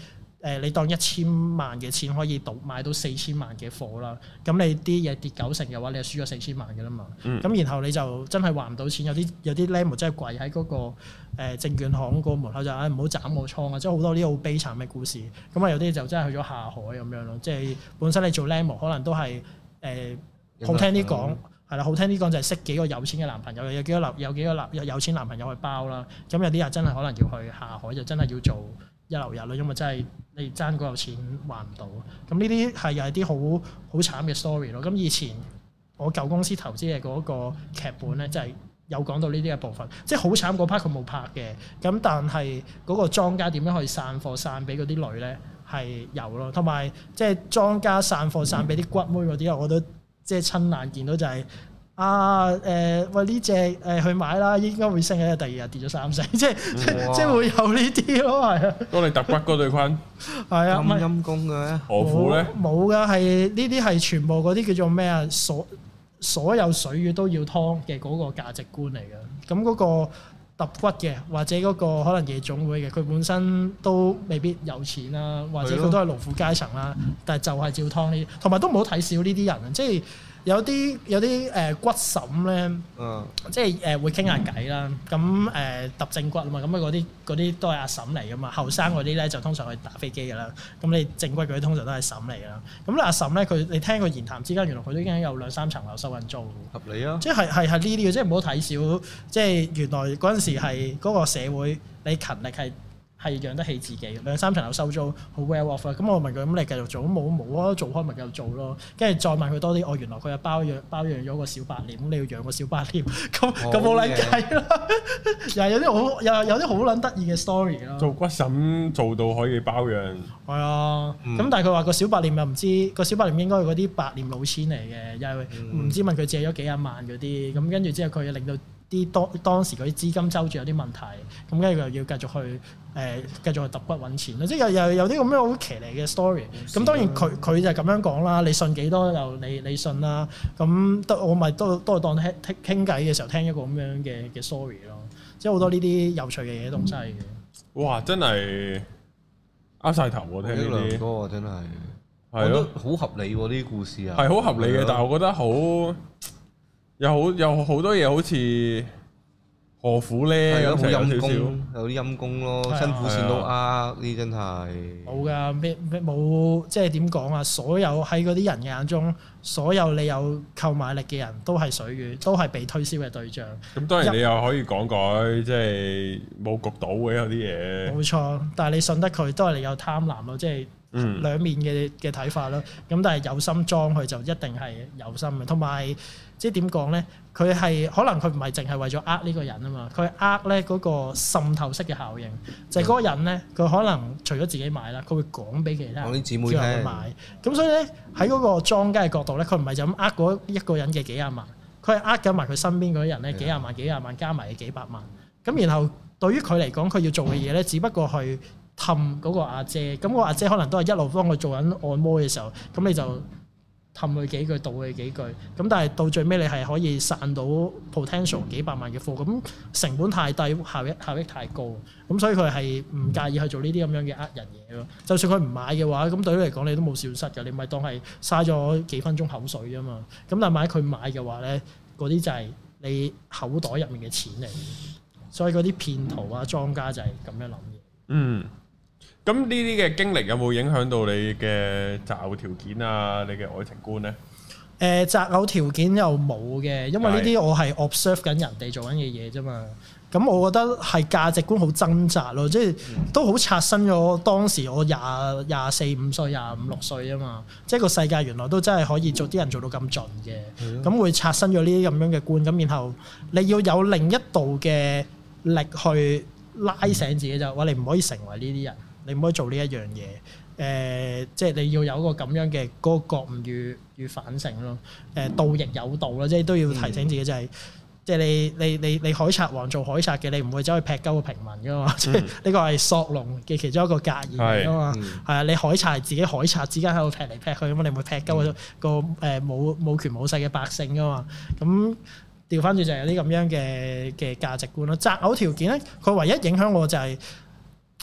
誒，你當一千萬嘅錢可以倒買到四千萬嘅貨啦，咁你啲嘢跌九成嘅話，你係輸咗四千萬嘅啦嘛。咁、嗯、然後你就真係還唔到錢，有啲有啲靚模真係跪喺嗰、那個誒、呃、證券行個門口就誒，唔好斬我倉啊！即係好多啲好悲慘嘅故事，咁啊有啲就真係去咗下海咁樣咯。即、就、係、是、本身你做靚模可能都係誒、呃嗯、好聽啲講係啦，好聽啲講就係識幾個有錢嘅男朋友，有幾個有幾個有個有錢男朋友去包啦。咁有啲啊真係可能要去下海，就真係要做。一流日啦，因為真係你爭嗰嚿錢還唔到，咁呢啲係又係啲好好慘嘅 story 咯。咁以前我舊公司投資嘅嗰個劇本咧，就係有講到呢啲嘅部分，即係好慘嗰 part 佢冇拍嘅。咁但係嗰個莊家點樣可以散貨散俾嗰啲女咧係有咯，同埋即係莊家散貨散俾啲骨妹嗰啲，我覺得即係親眼見到就係。啊誒、呃、喂呢隻誒去買啦，應該會升嘅，第二日跌咗三成，即係即係即會有呢啲咯，係啊。當你揼骨嗰對坤，係啊咁陰功嘅何苦咧？冇嘅，係呢啲係全部嗰啲叫做咩啊？所所有水魚都要劏嘅嗰個價值觀嚟嘅。咁、那、嗰個揼骨嘅，或者嗰個可能夜總會嘅，佢本身都未必有錢啦，或者佢都係勞苦階層啦。但係就係照劏呢，同埋都冇睇少呢啲人，即係。有啲有啲誒、呃、骨嬸咧，即係誒、呃、會傾下偈啦。咁誒揼正骨啊嘛，咁啊嗰啲啲都係阿嬸嚟噶嘛。後生嗰啲咧就通常去打飛機噶啦。咁你正骨嗰啲通常都係嬸嚟噶啦。咁阿嬸咧佢你聽佢言談之間，原來佢都已經有兩三層樓收緊租，合理啊！即係係係呢啲嘅，即係唔好睇小。即係原來嗰陣時係嗰個社會，你勤力係。係養得起自己，兩三層樓收租好 well off 啦。咁我問佢，咁你繼續做，冇冇啊？做開咪繼續做咯。跟住再問佢多啲，哦，原來佢係包養包養咗個小白臉，你要養個小白臉，咁咁冇撚計啦。又係有啲好，又有啲好撚得意嘅 story 咯。做骨審做到可以包養？係啊。咁、mm. 但係佢話個小白臉又唔知，嗰個小白臉應該係嗰啲白臉老千嚟嘅，又係唔知問佢借咗幾廿萬嗰啲。咁跟住之後佢令到。啲當當時嗰啲資金周轉有啲問題，咁跟住佢又要繼續去誒、呃，繼續去揼骨揾錢咯，即係又又有啲咁樣好騎呢嘅 story。咁的當然佢佢就咁樣講啦，你信幾多就你你信啦。咁得我咪都都當聽傾傾偈嘅時候聽一個咁樣嘅嘅 story 咯，嗯、即係好多呢啲有趣嘅嘢都唔係嘅、嗯。哇！真係呃晒頭喎，我聽呢啲歌真係係咯，好合理喎呢啲故事啊，係好合理嘅，但係我覺得好。有好有好多嘢，好似何苦咧？有啲陰功，有啲陰功咯，辛苦錢都呃，呢真係冇噶，咩咩冇？即係點講啊？所有喺嗰啲人嘅眼中，所有你有購買力嘅人都係水魚，都係被推銷嘅對象。咁當然你又可以講佢，即係冇焗到嘅有啲嘢。冇錯，但係你信得佢，都係你有貪婪咯。即係兩面嘅嘅睇法咯。咁但係有心裝佢，就一定係有心嘅，同埋。即係點講呢？佢係可能佢唔係淨係為咗呃呢個人啊嘛，佢呃呢嗰個滲透式嘅效應，就係、是、嗰個人呢，佢可能除咗自己買啦，佢會講俾其他人啲姊妹去買。咁所以呢，喺嗰個莊家嘅角度呢，佢唔係就咁呃嗰一個人嘅幾廿萬，佢係呃緊埋佢身邊嗰啲人呢，嗯、幾廿萬、幾廿萬加埋嘅幾百萬。咁然後對於佢嚟講，佢要做嘅嘢呢，只不過去氹嗰個阿姐。咁、個阿姐可能都係一路幫佢做緊按摩嘅時候，咁你就。氹佢幾句，導佢幾句，咁但係到最尾你係可以散到 potential 幾百萬嘅貨，咁成本太低，效益效益太高，咁所以佢係唔介意去做呢啲咁樣嘅呃人嘢咯。就算佢唔買嘅話，咁對你嚟講你都冇損失㗎，你咪當係嘥咗幾分鐘口水啫嘛。咁但係買佢買嘅話咧，嗰啲就係你口袋入面嘅錢嚟，所以嗰啲騙徒啊莊家就係咁樣諗嘅。嗯。咁呢啲嘅經歷有冇影響到你嘅擇偶條件啊？你嘅愛情觀呢？誒，擇偶條件又冇嘅，因為呢啲我係 observe 緊人哋做緊嘅嘢啫嘛。咁我覺得係價值觀好掙扎咯，即係都好刷新咗當時我廿廿四五歲，廿五六歲啊嘛。即係個世界原來都真係可以做啲人做到咁盡嘅，咁會刷新咗呢啲咁樣嘅觀。咁然後你要有另一度嘅力去拉醒自己就話：你唔可以成為呢啲人。你唔可以做呢一樣嘢，誒、呃，即係你要有個咁樣嘅嗰、那個覺悟與與反省咯，誒、呃，道亦有道啦，即係都要提醒自己，就係、是，即係你你你你，你海賊王做海賊嘅，你唔會走去劈鳩個平民噶嘛，即係呢個係索隆嘅其中一個格言嚟噶嘛，係、嗯、啊，你海賊係自己海賊之間喺度劈嚟劈去啊，你唔會劈鳩個個冇冇權冇勢嘅百姓噶嘛，咁調翻轉就係啲咁樣嘅嘅價值觀咯。擇偶條件咧，佢唯一影響我就係、是。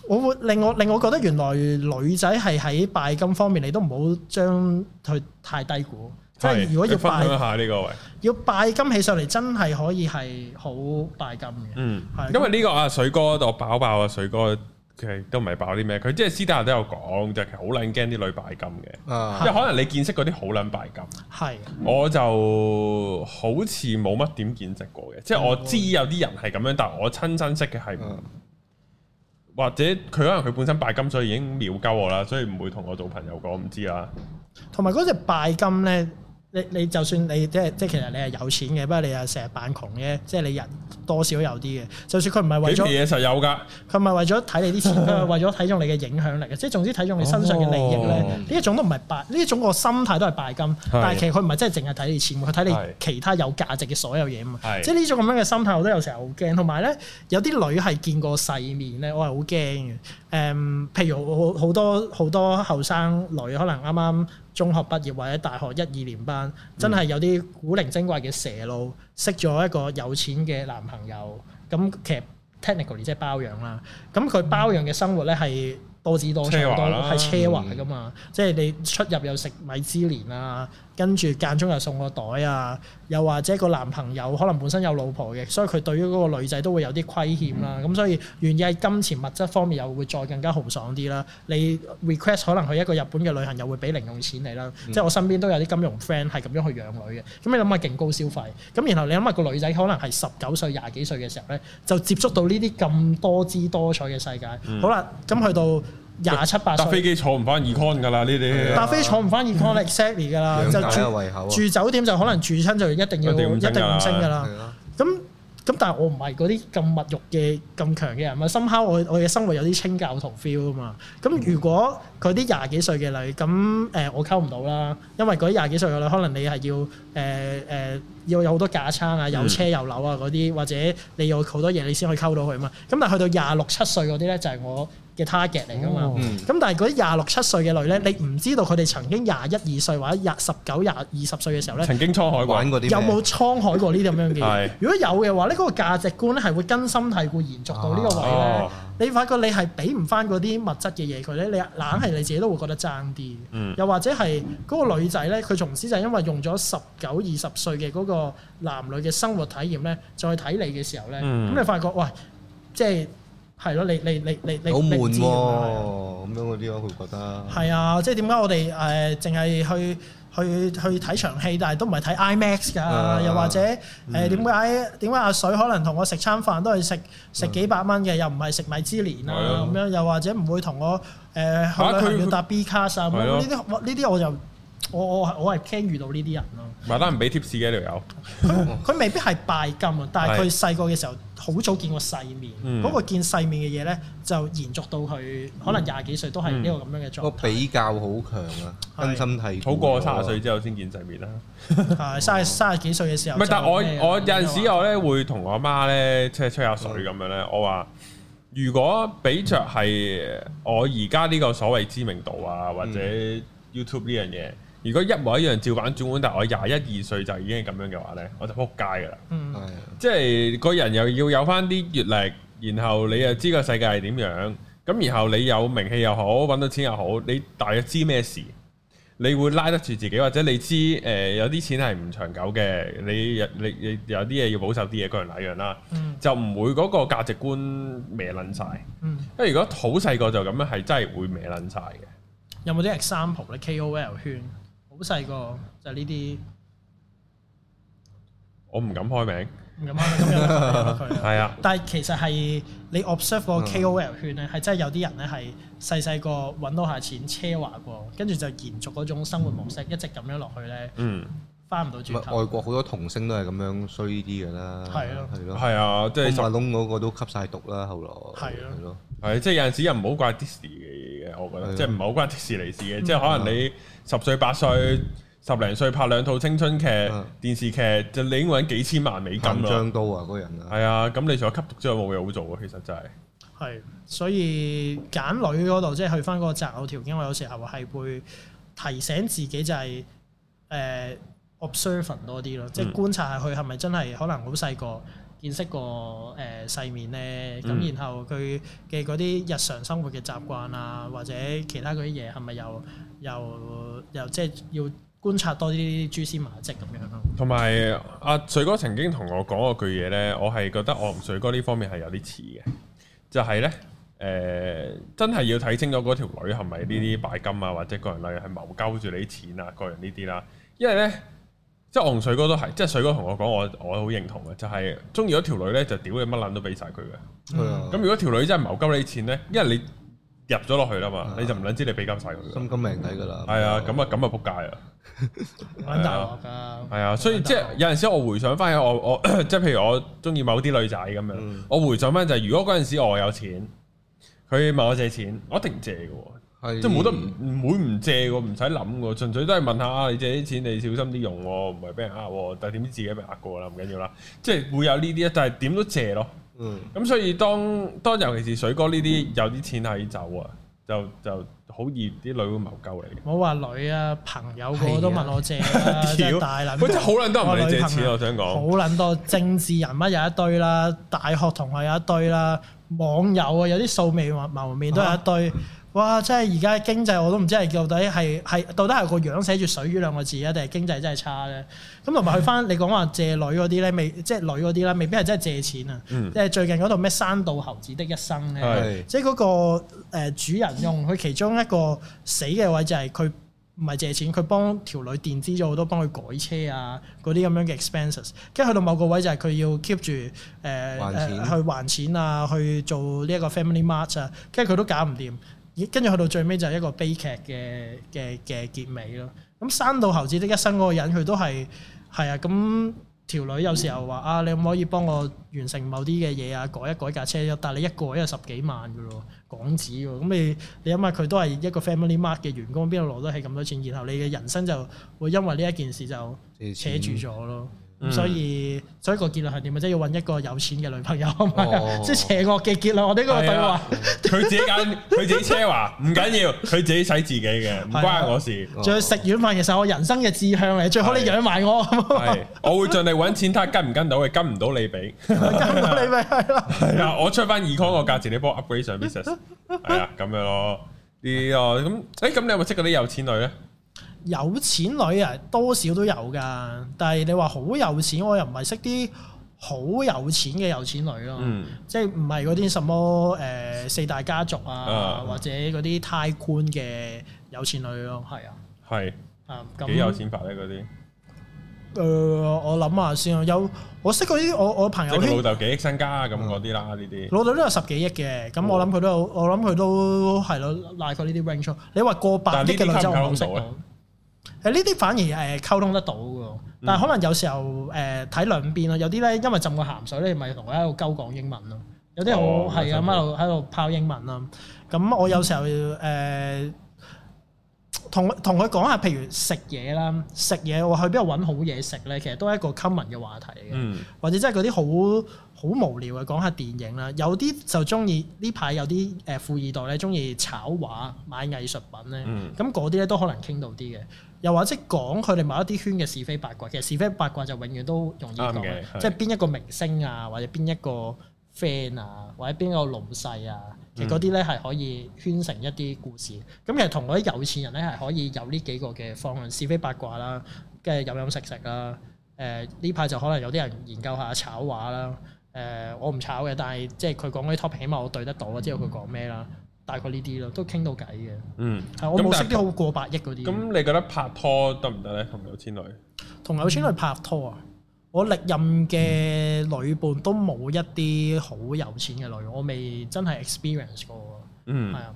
我會令我令我覺得原來女仔係喺拜金方面，你都唔好將佢太低估。是即係如果要分享一下呢個位，要拜金起上嚟真係可以係好拜金嘅。嗯，係是因為呢個阿、啊、水哥，我爆爆啊水哥，佢都唔係爆啲咩。佢即係私底下都有講，就係其實好撚驚啲女拜金嘅。即係、啊、可能你見識嗰啲好撚拜金。係、啊，我就好似冇乜點見識過嘅。即係、啊、我知有啲人係咁樣，但係我親身識嘅係。嗯或者佢可能佢本身拜金，所以已經秒鳩我啦，所以唔會同我做朋友講，唔知啊。同埋嗰隻拜金咧。你你就算你即係即係其實你係有錢嘅，不過你又成日扮窮嘅，即係你人多少有啲嘅。就算佢唔係為咗，嘢實有㗎。佢唔係為咗睇你啲錢，佢係 為咗睇中你嘅影響力嘅，即係總之睇中你身上嘅利益咧。呢一、哦、種都唔係拜，呢一種個心態都係拜金。是但係其實佢唔係真係淨係睇你錢，佢睇你其他有價值嘅所有嘢啊嘛。是即係呢種咁樣嘅心態，我都有時候好驚。同埋咧，有啲女係見過世面咧，我係好驚嘅。誒、嗯，譬如好好多好多後生女，可能啱啱中學畢業或者大學一二年班，真係有啲古靈精怪嘅蛇佬識咗一個有錢嘅男朋友，咁其實 technically 即係包養啦。咁佢包養嘅生活咧係多姿多彩，多係奢華噶嘛，嗯、即係你出入又食米芝蓮啦。跟住間中又送個袋啊，又或者個男朋友可能本身有老婆嘅，所以佢對於嗰個女仔都會有啲虧欠啦。咁、嗯、所以願意喺金錢物質方面又會再更加豪爽啲啦。你 request 可能去一個日本嘅旅行又會俾零用錢你啦。嗯、即係我身邊都有啲金融 friend 係咁樣去養女嘅。咁你諗下勁高消費，咁然後你諗下個女仔可能係十九歲、廿幾歲嘅時候呢，就接觸到呢啲咁多姿多彩嘅世界。嗯、好啦，咁去到。廿七八，搭飛機坐唔翻 econ 噶啦，你哋搭飛坐唔翻 econ，exactly 噶啦，嗯 exactly、就住酒店就可能住親就一定要一定五星噶、啊、啦。咁咁的，但係我唔係嗰啲咁物欲嘅咁強嘅人，咪深刻我我嘅生活有啲清教徒 feel 啊嘛。咁如果佢啲廿幾歲嘅女，咁誒、呃、我溝唔到啦，因為嗰啲廿幾歲嘅女，可能你係要誒誒、呃呃、要有好多架撐啊，有車有樓啊嗰啲，或者你有好多嘢你先可以溝到佢啊嘛。咁但係去到廿六七歲嗰啲咧，就係我嘅 target 嚟噶嘛？咁、嗯、但係嗰啲廿六七歲嘅女呢，你唔知道佢哋曾經廿一二歲或者廿十九廿二十歲嘅時候呢，曾經滄海玩過啲，有冇滄海過呢啲咁樣嘅嘢？ 是如果有嘅話呢，嗰、那個價值觀咧係會根深蒂固延續到呢個位咧。啊哦、你發覺你係俾唔翻嗰啲物質嘅嘢佢呢，你硬係你自己都會覺得爭啲。嗯、又或者係嗰個女仔呢，佢從此就因為用咗十九二十歲嘅嗰個男女嘅生活體驗呢，再睇你嘅時候呢，咁、嗯、你發覺喂，即係。係咯，你你你你你你好悶咁對樣嗰啲咯，佢覺得係啊，即係點解我哋誒淨係去去去睇場戲，但係都唔係睇 IMAX 㗎，又或者誒點解點解阿水可能同我食餐飯都係食食幾百蚊嘅，又唔係食米芝蓮啦咁樣，又或者唔會同我誒可能要搭 B 卡曬咁，呢啲呢啲我就。我我係我係 c 遇到呢啲人咯，埋單唔俾 t 士 p s 嘅條友，佢 未必係拜金啊，但係佢細個嘅時候好早見過世面，嗰是個見世面嘅嘢咧就延續到佢可能廿幾歲都係呢個咁樣嘅狀態。個、嗯嗯嗯嗯、比較好強啊，根深蒂固，好過卅歲之後先見世面啦。三卅卅幾歲嘅時候，唔係，但係我我有陣時我咧會同我阿媽咧即係吹下水咁樣咧，嗯、我話如果比着係我而家呢個所謂知名度啊或者 YouTube 呢樣嘢。如果一模一樣照板轉換，但我廿一二歲就已經係咁樣嘅話呢，我就撲街㗎啦。即係個人又要有翻啲閲歷，然後你又知個世界係點樣，咁然後你有名氣又好，揾到錢又好，你大約知咩事，你會拉得住自己，或者你知，誒，有啲錢係唔長久嘅，你有啲嘢要保守啲嘢，各人那樣啦。就唔會嗰個價值觀歪撚晒。因為如果好細個就咁樣，係真係會歪撚晒嘅。有冇啲 example KOL 圈？好細個就係呢啲，我唔敢開名，唔敢開名，係啊。 但係其實係你 observe 個 KOL 圈咧，係、嗯、真係有啲人咧係細細個揾到下錢奢華過，跟住就延續嗰種生活模式，一直咁樣落去咧。嗯唔到外國好多童星都係咁樣衰啲㗎啦，係咯，係啊，即係麥窿嗰個都吸晒毒啦，後來係咯，係即係有陣時又唔好怪迪士尼嘅，我覺得即係唔係好怪迪士尼事嘅，即係可能你十歲八歲十零歲拍兩套青春劇電視劇，就你已經搵幾千萬美金咯，緊張到啊嗰人啊，係啊，咁你除咗吸毒之外冇嘢好做啊，其實真係係，所以揀女嗰度即係去翻嗰個擇偶條件，我有時候係會提醒自己就係誒。Observant 多啲咯，即係觀察下佢係咪真係可能好細個見識過誒世面咧，咁然後佢嘅嗰啲日常生活嘅習慣啊，或者其他嗰啲嘢係咪又又又即係要觀察多啲蛛絲馬跡咁樣咯。同埋阿水哥曾經同我講過句嘢咧，我係覺得我同水哥呢方面係有啲似嘅，就係咧誒，真係要睇清楚嗰條女係咪呢啲拜金啊，或者個人例如係謀攪住你啲錢啊，個人呢啲啦，因為咧。即係我同水哥都係，即係水哥同我講，我我好認同嘅，就係中意咗條女咧，就屌你乜捻都俾晒佢嘅。咁是、啊、如果條女真係牟鳩你錢咧，因為你入咗落去啦嘛，你就唔捻知你俾金晒佢。心甘命抵噶啦。係啊，咁啊，咁 啊，扑街啊。玩大鑊噶。係啊，所以即係有陣時我回想翻起我我，我 即係譬如我中意某啲女仔咁樣，嗯、我回想翻就係如果嗰陣時我有錢，佢問我借錢，我一定借嘅我借。即係冇得唔會唔借喎，唔使諗喎，純粹都係問下啊，你借啲錢你小心啲用喎，唔係俾人呃喎。但係點知自己俾人呃過啦，唔緊要啦。即係會有呢啲啊，但係點都借咯。嗯，咁所以當當尤其是水哥呢啲有啲錢係走啊，就就好易啲女會謀救嚟嘅。唔好話女啊，朋友個個都問我借啊，大啦。真係好撚多人問你借錢，我想講。好撚多政治人物有一堆啦，大學同學有一堆啦，網友啊有啲素未謀面都有一堆。哇！真係而家經濟我都唔知係到底係係到底係個樣寫住水魚兩個字啊，定係經濟真係差咧？咁同埋去翻你講話借女嗰啲咧，未即係女嗰啲啦，未必係真係借錢啊！嗯、即係最近嗰度咩《山道猴子的一生》咧是，即係嗰個主人用佢其中一個死嘅位就係佢唔係借錢，佢幫條女墊資咗好多，幫佢改車啊嗰啲咁樣嘅 expenses。跟住去到某個位就係佢要 keep 住誒去還錢啊，去做呢一個 Family Mart 啊，跟住佢都搞唔掂。跟住去到最尾就係一個悲劇嘅嘅嘅結尾咯。咁山道猴子的一生嗰個人，佢都係係啊。咁條女有時候話啊，你可唔可以幫我完成某啲嘅嘢啊？改一改一架車但係你一改就十幾萬㗎咯，港紙嘅。咁你你因為佢都係一個 family mark 嘅員工，邊度攞得起咁多錢？然後你嘅人生就會因為呢一件事就扯住咗咯。所以，所以個結論係點啊？即係要揾一個有錢嘅女朋友，即係邪惡嘅結論。我哋呢個對話，佢自己揀，佢自己奢華，唔緊要，佢自己使自己嘅，唔關我事。仲要食軟飯，其實我人生嘅志向嚟，最好你養埋我。我會盡力揾錢，睇下跟唔跟到，跟唔到你俾，跟唔到你咪係咯。係啊，我出翻二康個價錢，你幫我 upgrade 上 business。係啊，咁樣咯，呢咯咁，誒，咁你有冇識嗰啲有錢女咧？有錢女啊，多少都有㗎，但係你話好有錢，我又唔係識啲好有錢嘅有錢女咯，即係唔係嗰啲什麼誒，四大家族啊，或者嗰啲太官嘅有錢女咯，係啊，係啊，幾有錢法咧嗰啲？誒，我諗下先有我識嗰啲，我我朋友，老豆幾億身家咁嗰啲啦，呢啲老豆都有十幾億嘅，咁我諗佢都有，我諗佢都係咯，大概呢啲 range。你話過百億嘅女真誒呢啲反而誒溝通得到嘅，但係可能有時候誒睇、嗯呃、兩邊咯。有啲咧因為浸過鹹水咧，咪同佢喺度鳩講英文咯。有啲好，係咁喺度喺度拋英文啊。咁我有時候誒同同佢講下，譬如食嘢啦，食嘢我去邊度揾好嘢食咧，其實都係一個 common 嘅話題嘅。嗯、或者即係嗰啲好好無聊嘅，講下電影啦。有啲就中意呢排有啲誒富二代咧，中意炒畫買藝術品咧。咁嗰啲咧都可能傾到啲嘅。又或者講佢哋某一啲圈嘅是非八卦，其實是非八卦就永遠都容易講，即係邊一個明星啊，或者邊一個 fan 啊，或者邊個老細啊，其實嗰啲咧係可以圈成一啲故事。咁、嗯、其實同嗰啲有錢人咧係可以有呢幾個嘅方向是非八卦啦，跟住飲飲食食啦。誒呢排就可能有啲人研究下炒話啦。誒、呃、我唔炒嘅，但係即係佢講嗰啲 topic，起碼我對得到啊，嗯、知道佢講咩啦。大概呢啲咯，都傾到偈嘅。嗯，係我冇識啲好過百億嗰啲。咁、嗯、你覺得拍拖得唔得咧？同有錢女？同有錢女拍拖啊？嗯、我歷任嘅女伴都冇一啲好有錢嘅女，嗯、我未真係 experience 過。嗯，係啊，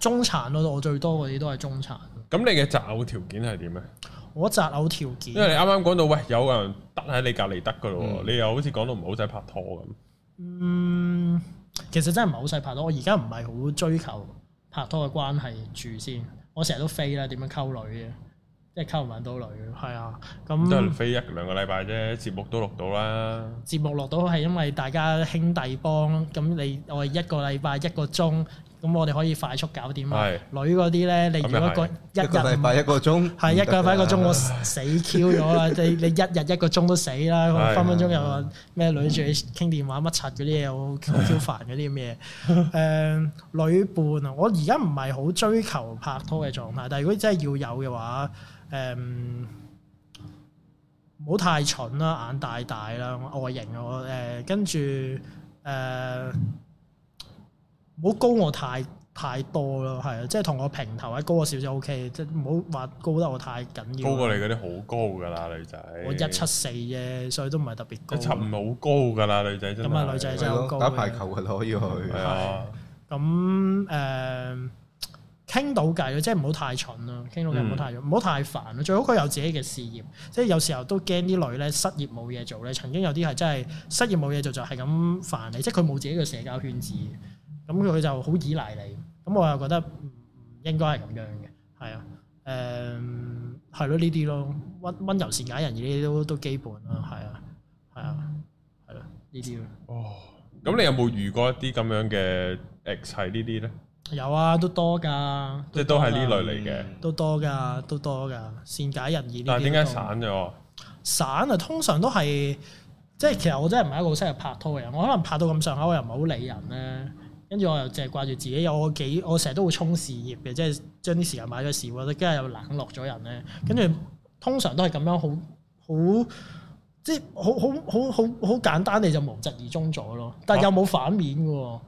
中產咯，我最多嗰啲都係中產。咁你嘅擇偶條件係點咧？我擇偶條件，因為你啱啱講到喂有個人得喺你隔離得噶咯，嗯、你又好似講到唔好使拍拖咁。嗯。.其實真係唔係好細拍拖，我而家唔係好追求拍拖嘅關係住先。我成日都飛啦，點樣溝女嘅？即係溝唔揾到女，係啊。咁都係飛一兩個禮拜啫，節目都錄到啦。節目錄到係因為大家兄弟幫，咁你我係一個禮拜一個鐘，咁我哋可以快速搞掂啊！是女嗰啲呢，你如果一個是一日唔係一個鐘，係一個禮拜一個鐘，我死 Q 咗啦！你行你一日一個鐘都死啦，分分鐘有咩女仔傾 電話乜柒嗰啲嘢，好 Q 煩嗰啲咁嘢。誒， uh, 女伴啊，我而家唔係好追求拍拖嘅狀態，但係如果真係要有嘅話，誒、嗯，唔好太蠢啦，眼大大啦，外形我誒、呃、跟住誒。呃唔好高我太太多咯，係啊，即係同我平頭啊，高我少少 OK，即係唔好話高得我太緊要。高過你嗰啲好高㗎啦，女仔。我一七四啫，所以都唔係特別高。佢沉好高㗎啦，女仔咁啊，女仔真係好、嗯、高。打排球嘅都可以去係啊。咁誒傾到偈即係唔好太蠢咯，傾到偈唔好太蠢，唔好太煩咯。最好佢有自己嘅事業，即係有時候都驚啲女咧失業冇嘢做咧。曾經有啲係真係失業冇嘢做，就係、係、咁煩你，即係佢冇自己嘅社交圈子。咁佢就好依賴你，咁我又覺得唔應該係咁樣嘅，係啊，誒係咯呢啲咯，溫溫柔善解人意呢啲都都基本啦，係啊，係啊，係咯呢啲咯。哦，咁你有冇遇過一啲咁樣嘅 ex 係呢啲咧？有啊，都多㗎，即係都係呢類嚟嘅，都多㗎，都多㗎，善解人意但。但係點解散咗了？散啊，通常都係即係其實我真係唔係一個好適合拍拖嘅人，我可能拍到咁上口，我又唔係好理人咧。跟住我又凈係掛住自己，有我幾我成日都會衝事業嘅，即係將啲時間擺咗事業，覺得今日又冷落咗人咧。跟住通常都係咁樣，好好即係好好好好好，好簡單，你就無疾而終咗咯。但係又冇反面喎。啊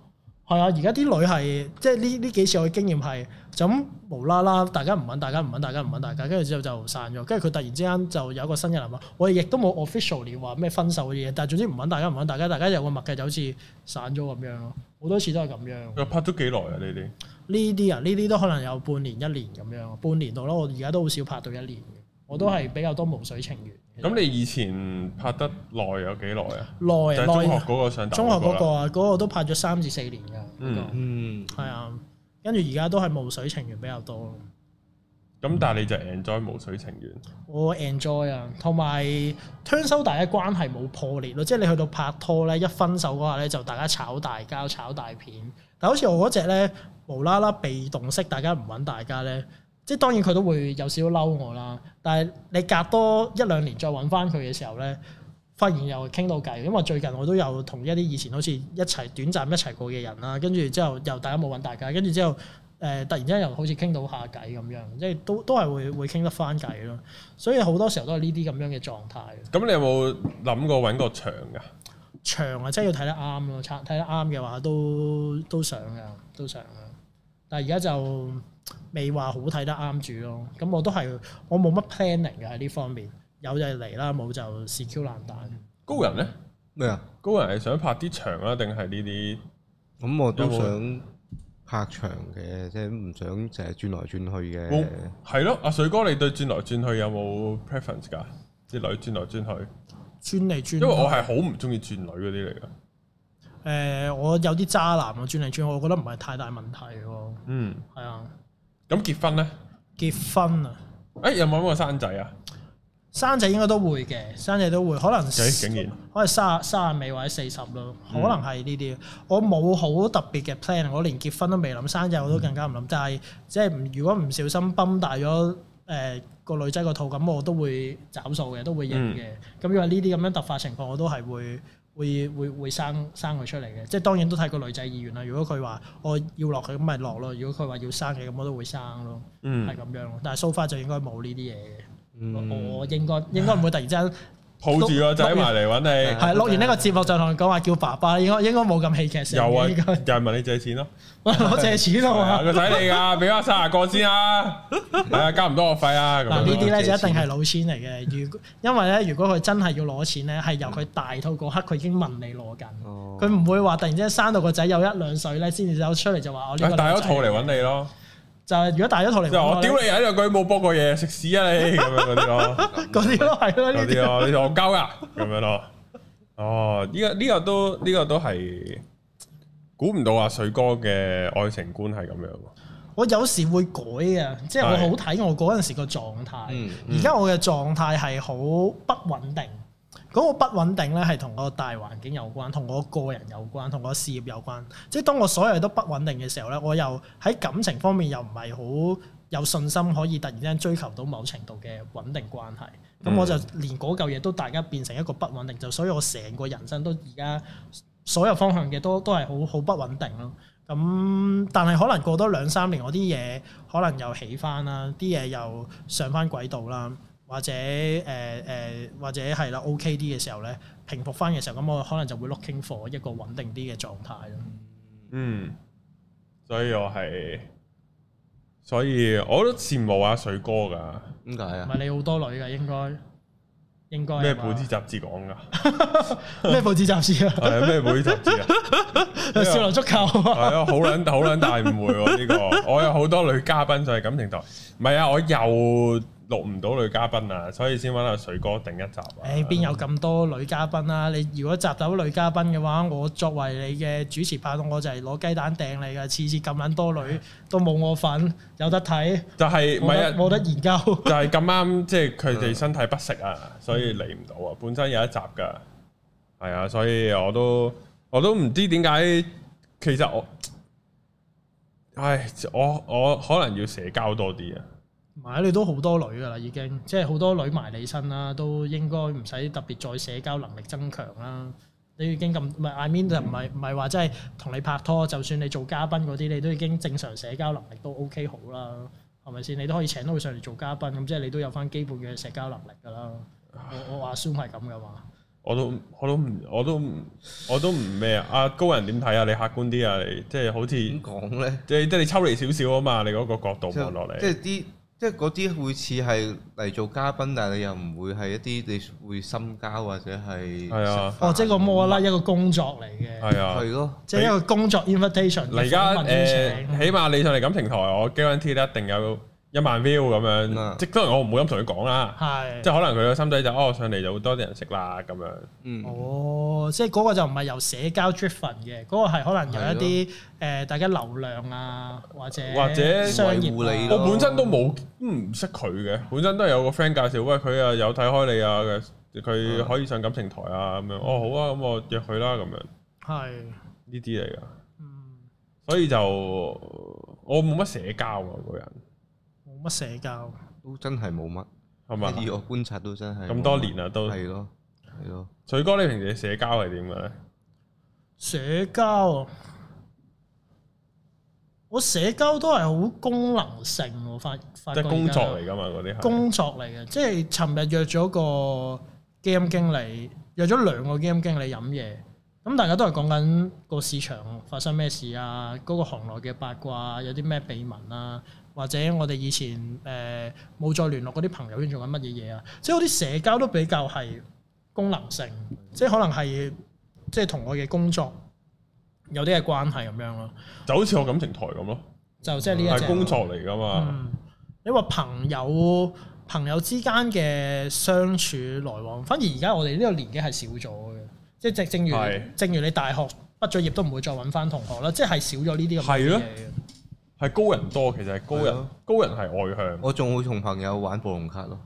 係啊，而家啲女係即係呢呢幾次我嘅經驗係，就咁無啦啦，大家唔揾，大家唔揾，大家唔揾，大家跟住之後就散咗。跟住佢突然之間就有一個新嘅男朋友，我哋亦都冇 officially 話咩分手嘅嘢，但係總之唔揾大家，唔揾大家，大家有個默契就好似散咗咁樣咯。好多次都係咁樣。又拍咗幾耐啊？呢啲呢啲啊，呢啲都可能有半年一年咁樣，半年到咯。我而家都好少拍到一年。我都係比較多無水情緣。咁你以前拍得耐有幾耐啊？耐啊了！中學嗰個上學個中學嗰個啊，嗰、嗰個都拍咗三至四年噶。嗯嗯，係、嗰個嗯、啊，跟住而家都係無水情緣比較多咯。咁但係你就 enjoy 無水情緣？我 enjoy 啊，同埋 turn 收大家關係冇破裂咯，即係你去到拍拖咧一分手嗰下咧就大家炒大交、炒大片，但好似我嗰隻咧無啦啦被動式，大家唔揾大家咧。即係當然佢都會有少少嬲我啦，但係你隔多一兩年再揾翻佢嘅時候咧，發現又傾到偈。因為最近我都有同一啲以前好似一齊短暫一齊過嘅人啦，跟住之後又大家冇揾大家，跟住之後誒、呃、突然之間又好似傾到下偈咁樣，即係都都係會會傾得翻偈咯。所以好多時候都係呢啲咁樣嘅狀態。咁你有冇諗過揾個場噶？場啊，即係、啊就是、要睇得啱咯，睇得啱嘅話都都想噶，都想啊。但係而家就，未話好睇得啱住咯，咁我都係我冇乜 planning 嘅喺呢方面，有就嚟啦，冇就屎 q 爛彈。高人咧咩啊？麼高人係想拍啲長啊，定係呢啲？咁我有有都想拍長嘅，即係唔想成日轉來轉去嘅。係咯，阿水哥你轉轉有有，你對轉來轉去有冇 preference 噶？啲女轉來轉去，轉嚟轉。因為我係好唔中意轉女嗰啲嚟嘅。誒、呃，我有啲渣男啊，轉嚟轉去，我覺得唔係太大問題。嗯，係啊。咁結婚咧？結婚啊！誒、欸、有冇諗過生仔啊？生仔應該都會嘅，生仔都會，可能、欸、可能卅卅尾或者四十咯，嗯、可能係呢啲。我冇好特別嘅 plan，我連結婚都未諗，生仔我都更加唔諗。嗯、但係即係如果唔小心崩大咗誒、呃、個女仔個肚，咁我都會找數嘅，都會認嘅。咁、嗯、因為呢啲咁樣突發情況，我都係會。會會會生生佢出嚟嘅，即係當然都睇個女仔意願啦。如果佢話我要落去，咁咪落咯；如果佢話要生嘅，咁我都會生咯，嗯、係咁樣咯。但係 so far 就應該冇呢啲嘢嘅，嗯、我應該應該唔會突然之間。抱住個仔埋嚟揾你，係錄完呢個節目就同佢講話叫爸爸，應該應該冇咁戲劇性。有啊，有人問你借錢咯，攞借錢咯嘛，唔使你㗎，俾我卅個先啊，係啊，交唔多學費啊。嗱呢啲咧就一定係老千嚟嘅，如因為咧如果佢真係要攞錢咧，係由佢大肚嗰刻佢已經問你攞緊，佢唔會話突然之間生到個仔有一兩歲咧，先至走出嚟就話我呢個。大咗肚嚟揾你咯。就係如果大咗台嚟，就我屌你，啊、你，喺度佢冇搏過嘢，食 屎啊你咁樣嗰啲咯，嗰啲咯，係咯， 嗰啲咯，你同我交噶咁樣咯，哦，呢個呢個都呢、呢個都係估唔到啊水哥嘅愛情觀係咁樣。我有時會改啊，即係的我好睇我嗰陣時個狀態，而家我嘅狀態係好不穩定，嗰個不穩定咧，係同我大環境有關，同我個人有關，同我事業有關。即係當我所有嘢都不穩定嘅時候咧，我又喺感情方面又唔係好有信心可以突然之間追求到某程度嘅穩定關係。咁、嗯、我就連嗰嚿嘢都大家變成一個不穩定。就所以我成個人生都而家所有方向嘅都都係好好不穩定咯。咁但係可能過多兩三年，我啲嘢可能又起翻啦，啲嘢又上翻軌道啦。或者誒誒，呃、或者係啦，OK 啲嘅時候咧，平復翻嘅時候，咁我可能就會 looking for 一個穩定啲嘅狀態咯。嗯，所以我係，所以我都羨慕阿水哥噶。點解啊？唔係你好多女噶應該，應該咩？報紙雜誌講噶咩？報紙 雜誌啊？咩報紙雜誌啊？ 麼 少林足球係 啊！好撚好撚，大誤會喎呢個。我有好多女嘉賓係感情台。唔係啊！我又。我錄唔到女嘉賓啊，所以先揾阿水哥頂一集啊。誒，邊有咁多女嘉賓啊？你如果集到女嘉賓嘅話，我作為你嘅主持拍檔，我就係攞雞蛋掟你㗎。次次咁撚多女都冇我份，有得睇就係唔係啊？冇得研究就係咁啱，即係佢哋身體不適啊，嗯，所以嚟唔到啊。本身有一集㗎，係啊，所以我都我都唔知點解。其實我，唉，我我可能要社交多啲啊。唔係，你都好多女㗎啦，已經即係好多女埋你身啦，都應該唔使特別再社交能力增強啦。你已經咁唔係，I mean 就唔係唔係話即係同你拍拖，嗯、就算你做嘉賓嗰啲，你都已經正常社交能力都 OK 好啦，係咪先？你都可以請到佢上嚟做嘉賓，咁即係你都有翻基本嘅社交能力㗎啦。我我話算係咁嘅話，我都我都唔我都 我都唔咩啊？阿高人點睇啊？你客觀啲啊？即係好似點講咧？即係即係你抽離少少啊嘛！你嗰個角度望落嚟，即係啲。即係嗰啲會似係嚟做嘉賓，但係你又唔會係一啲你會深交或者係、啊，哦，即係個無啦啦一個工作嚟嘅，係咯、啊，啊、即係一個工作 invitation 嚟在。而家誒，起碼你上嚟咁平台，我 guarantee 一定有。一萬 view 咁樣，即係當然我唔會咁同佢講啦。係是，即係可能佢個心底就哦上嚟就好多啲人識啦咁樣。嗯，哦，嗯 oh，即係嗰個就唔係由社交 driven 嘅，嗰、嗰個係可能由一啲誒的、呃、大家流量啊或者或者商業、啊、我本身都冇唔識佢嘅，本身都係有個 friend 介紹，喂佢啊有睇開你啊，佢可以上感情台啊咁樣。的哦好啊，咁我約佢啦咁樣。係呢啲嚟㗎。嗯，所以就我冇乜社交啊、個人。乜社交都真係冇乜，係嘛？我觀察都真係咁多年啦，都係咯，係咯。水哥，你平時社交係點嘅咧？社交，我社交都係好功能性，發發即係工作嚟噶嘛？嗰啲係工作嚟嘅，即係尋日約咗個基金經理，約咗兩個基金經理飲嘢，咁大家都係講緊個市場發生咩事啊？嗰個行內嘅八卦，有啲咩秘聞啊？或者我哋以前誒冇、呃、再聯絡嗰啲朋友，佢做緊乜嘢嘢啊？即係啲社交都比較係功能性，即係可能係即係同我嘅工作有啲嘅關係咁樣咯。就好似我感情台咁咯，就即係呢一係工作嚟噶嘛。你話、嗯、朋友朋友之間嘅相處來往，反而而家我哋呢個年紀係少咗嘅，即係正正如是正如你大學畢咗業都唔會再揾翻同學啦，即係少咗呢啲咁嘅嘢嘅。係高人多，其實係高人，高人係外向。我仲會同朋友玩暴龍卡咯，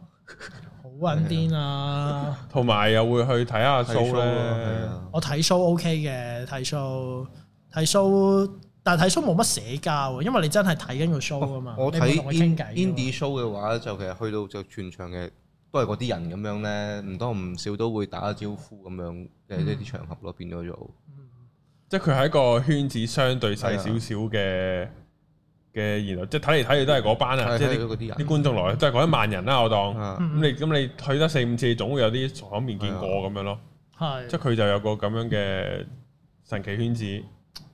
好撚癲啊！同埋又會去睇下 show 咧，我睇 show OK 嘅，睇 show 睇 show，但係睇 show 冇乜社交，因為你真係睇緊個 show 啊嘛。我睇 indie show 嘅話，就其實去到就全場嘅都係嗰啲人咁樣咧，唔多唔少都會打下招呼咁樣，即係啲場合咯，變咗就，即係佢係一個圈子相對細少少嘅。嘅然後即係睇嚟睇去都係嗰班啊，即係啲啲觀眾來都係嗰一萬人啦，我當咁的你，咁你去得四五次，總會有啲場面見過咁的樣咯。係的，即係佢就有個咁樣嘅神奇圈子，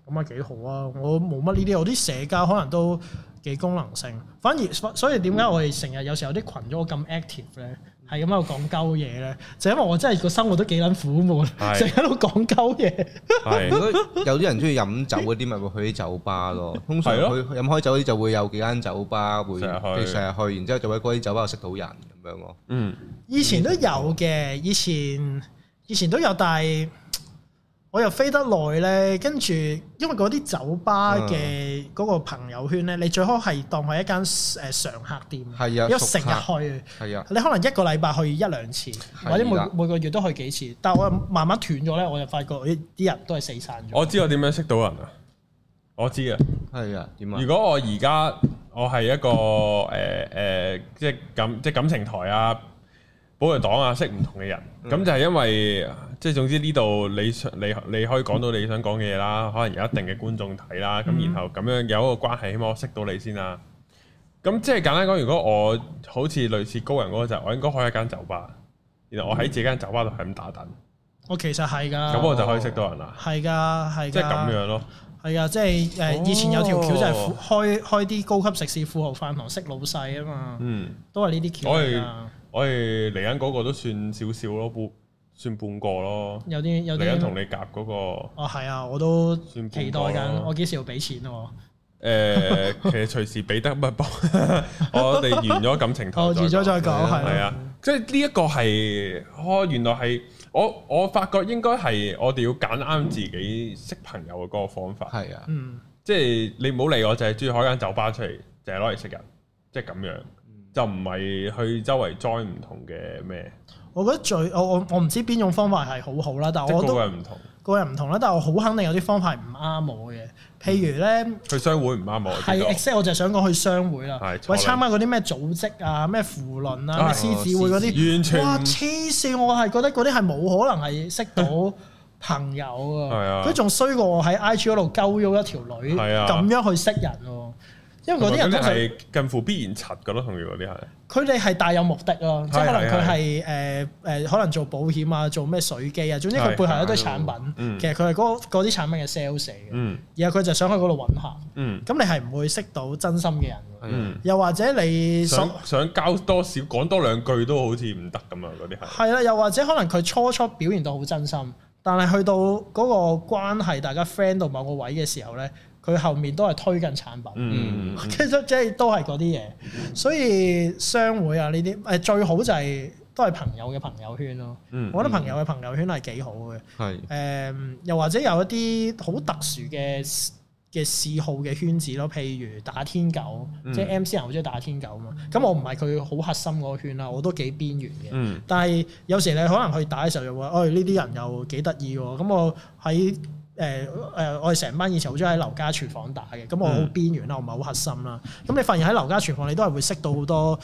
咁啊幾好啊！我冇乜呢啲，我啲社交可能都幾功能性，反而所以點解我哋成日有時候啲群咗咁 active 咧？係咁喺度講鳩嘢咧，就因為我真係個生活都幾捻苦悶，成日喺度講鳩嘢。係，是 有啲人中意飲酒嗰啲咪會去啲酒吧咯，通常去飲 開酒啲就會有幾間酒吧會，會成日去，然之後就喺嗰啲酒吧識到人咁樣咯。嗯，以前都有嘅，以前以前都有，但係。我又飛得耐咧，跟住因為嗰啲酒吧嘅嗰個朋友圈咧，嗯、你最好係當係一間誒常客店，啊、因為成日去，悉你可能一個禮拜去一兩次，啊、或者每每個月都去幾次。但係我又慢慢斷咗咧，我就發覺啲人都係四散咗。我知我點樣識到人啊？我知啊，係啊，點啊？如果我而家我係一個誒誒、呃呃，即係感即係感情台啊！好人黨啊，識唔同嘅人，咁、嗯、就係因為即係總之呢度你想你你可以講到你想講嘅嘢啦，可能有一定嘅觀眾睇啦，咁、嗯、然後咁樣有一個關係，起碼我識到你先啦。咁即係簡單講，如果我好似類似高人嗰個就，我應該開一間酒吧，然後我喺自己間酒吧度係咁打躉。我、嗯哦、其實係噶，咁我就可以識到人啦。係噶係。即係咁樣咯。係啊，即係誒，呃哦、以前有條橋就係開開啲高級食肆、富豪飯堂，識老細啊嘛。嗯。都係呢啲橋嚟噶。我哋嚟緊嗰個都算少少咯，半算半個咯。有啲有嚟緊同你夾嗰個。哦，係啊，我都期待緊，我幾時要俾錢啊？誒，其實隨時俾得，唔係幫我哋完咗感情題。住咗再講，係啊，即係呢一個係，我原來係我我發覺應該係我哋要揀啱自己識朋友嘅嗰個方法。係啊，嗯，即係你唔好理我就係中意開間酒吧出嚟，就係攞嚟識人，即係咁樣。就唔係去周圍栽唔同嘅咩？我覺得最我我我唔知邊種方法係好好啦，但係我都個人唔同，個人唔同啦。但係我好肯定有啲方法係唔啱我嘅。譬如咧，去商會唔啱我，係 except 我就係想講去商會啦，或者參加嗰啲咩組織啊、咩扶輪啊、獅子會嗰啲，完全，哇黐線！我係覺得嗰啲係冇可能係識到朋友 啊。佢仲衰過我喺 I G 嗰度勾咗一條女，咁、啊、樣去識人喎。因為嗰啲人都係近乎必然賊噶咯，同佢嗰啲係。佢哋係大有目的咯，是的即係可能佢係誒誒，可能做保險啊，做咩水機啊，總之佢背後有一堆產品，是的 嗯、其實佢係嗰啲產品嘅 sales 嘅，嗯、然後佢就想去嗰度搵客。咁、嗯、你係唔會識到真心嘅人，嗯、又或者你想想交多少講多兩句都好似唔得咁啊？嗰啲係係啦，又或者可能佢初初表現到好真心，但係去到嗰個關係大家 friend 到某個位嘅時候咧。佢後面都係推緊產品，mm hmm. 其實即係都係嗰啲嘢，所以商會啊呢啲誒最好就係、是、都係朋友嘅朋友圈咯。Mm hmm. 我覺得朋友嘅朋友圈係幾好嘅。誒、mm hmm. 嗯、又或者有一啲好特殊嘅嘅嗜好嘅圈子咯，譬如打天九，mm hmm. 即係 M C 人好中意打天九啊嘛。咁我唔係佢好核心嗰個圈啦，我都幾邊緣嘅。Mm hmm. 但係有時你可能去打嘅時候又話：哦、哎，呢啲人又幾得意喎！咁我喺誒誒、呃，我哋成班以前好中意喺劉家廚房打嘅，咁我好邊緣啦，我唔係好核心啦。咁你發現喺劉家廚房，你都係會識到好多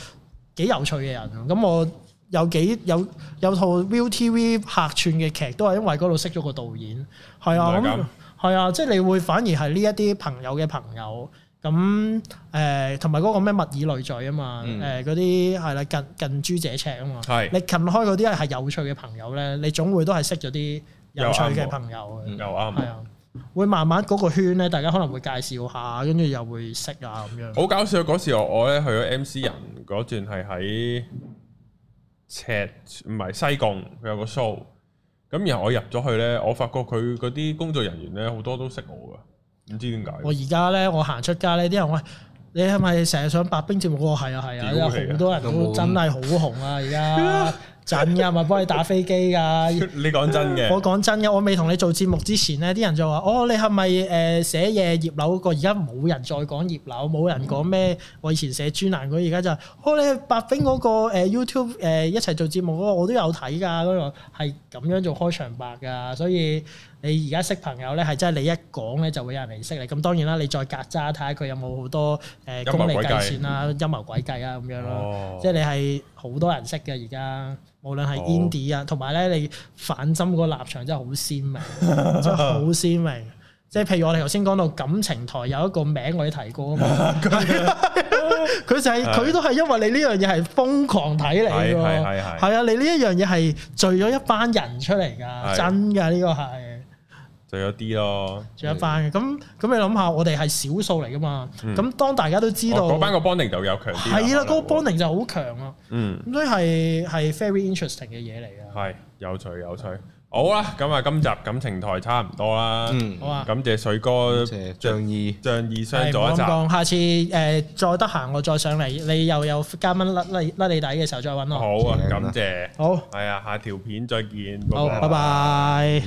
幾有趣嘅人。咁我有幾有有套 ViuTV 客串嘅劇，都係因為嗰度識咗個導演。係、嗯、啊，係、嗯、啊，即、就、係、是、你會反而係呢一啲朋友嘅朋友。咁誒，同埋嗰個咩物以類聚啊嘛，誒嗰啲係啦，近近朱者赤啊嘛。係是你近開嗰啲係有趣嘅朋友咧，你總會都係識咗啲。有趣嘅朋友，又啱，係啊，會慢慢嗰個圈咧，大家可能會介紹下，跟住又會識啊咁樣。好搞笑嗰時我我咧去咗 M C 人嗰段係喺赤唔係西貢，佢有個 show，咁然後我入咗去咧，我發覺佢嗰啲工作人員咧好多都識我噶，唔知點解。我而家咧我行出街咧，啲人喂你係咪成日上白兵節目？我係啊係啊，好、啊啊、多人都真係好紅啊而家。 真噶，咪幫你打飛機噶？你講真嘅，我講真嘅，我未同你做節目之前咧，啲人就話：哦，你係咪誒寫嘢葉柳個？而家冇人再講葉柳，冇人講咩。我以前寫專欄嗰，而家就哦，你去白兵嗰個誒 YouTube 誒一齊做節目嗰個，我都有睇㗎。嗰個係咁樣做開場白㗎，所以你而家識朋友咧，係真係你一講咧就會有人嚟識你。咁當然啦，你再格渣睇下佢有冇好多誒功利計算啦、陰謀鬼計啊咁樣咯。即係你係。好多人識嘅而家，無論係 Andy 啊，同埋咧，你反針嗰個立場真係好鮮明，呵呵哈哈真係好鮮明。即係譬如我哋頭先講到感情台有一個名，我哋提過啊嘛，佢就係佢都係因為你呢樣嘢係瘋狂睇你嘅。係啊，你呢一樣嘢係聚咗一班人出嚟㗎，真㗎呢個係。就有啲咯，仲有班嘅，咁咁你諗下，我哋係少數嚟噶嘛？咁當大家都知道，嗰班個 bonding 就有強啲，係啦，嗰個 bonding 就好強咯。嗯，咁所以係係 very interesting 嘅嘢嚟嘅，係有趣有趣，好啦，咁啊今集感情台差唔多啦。嗯，好啊，感謝水哥，謝仗義，仗義相助一集。下次誒再得閒，我再上嚟，你又有嘉賓甩甩你底嘅時候，再揾我。好啊，感謝。好，係啊，下條片再見。好，拜拜。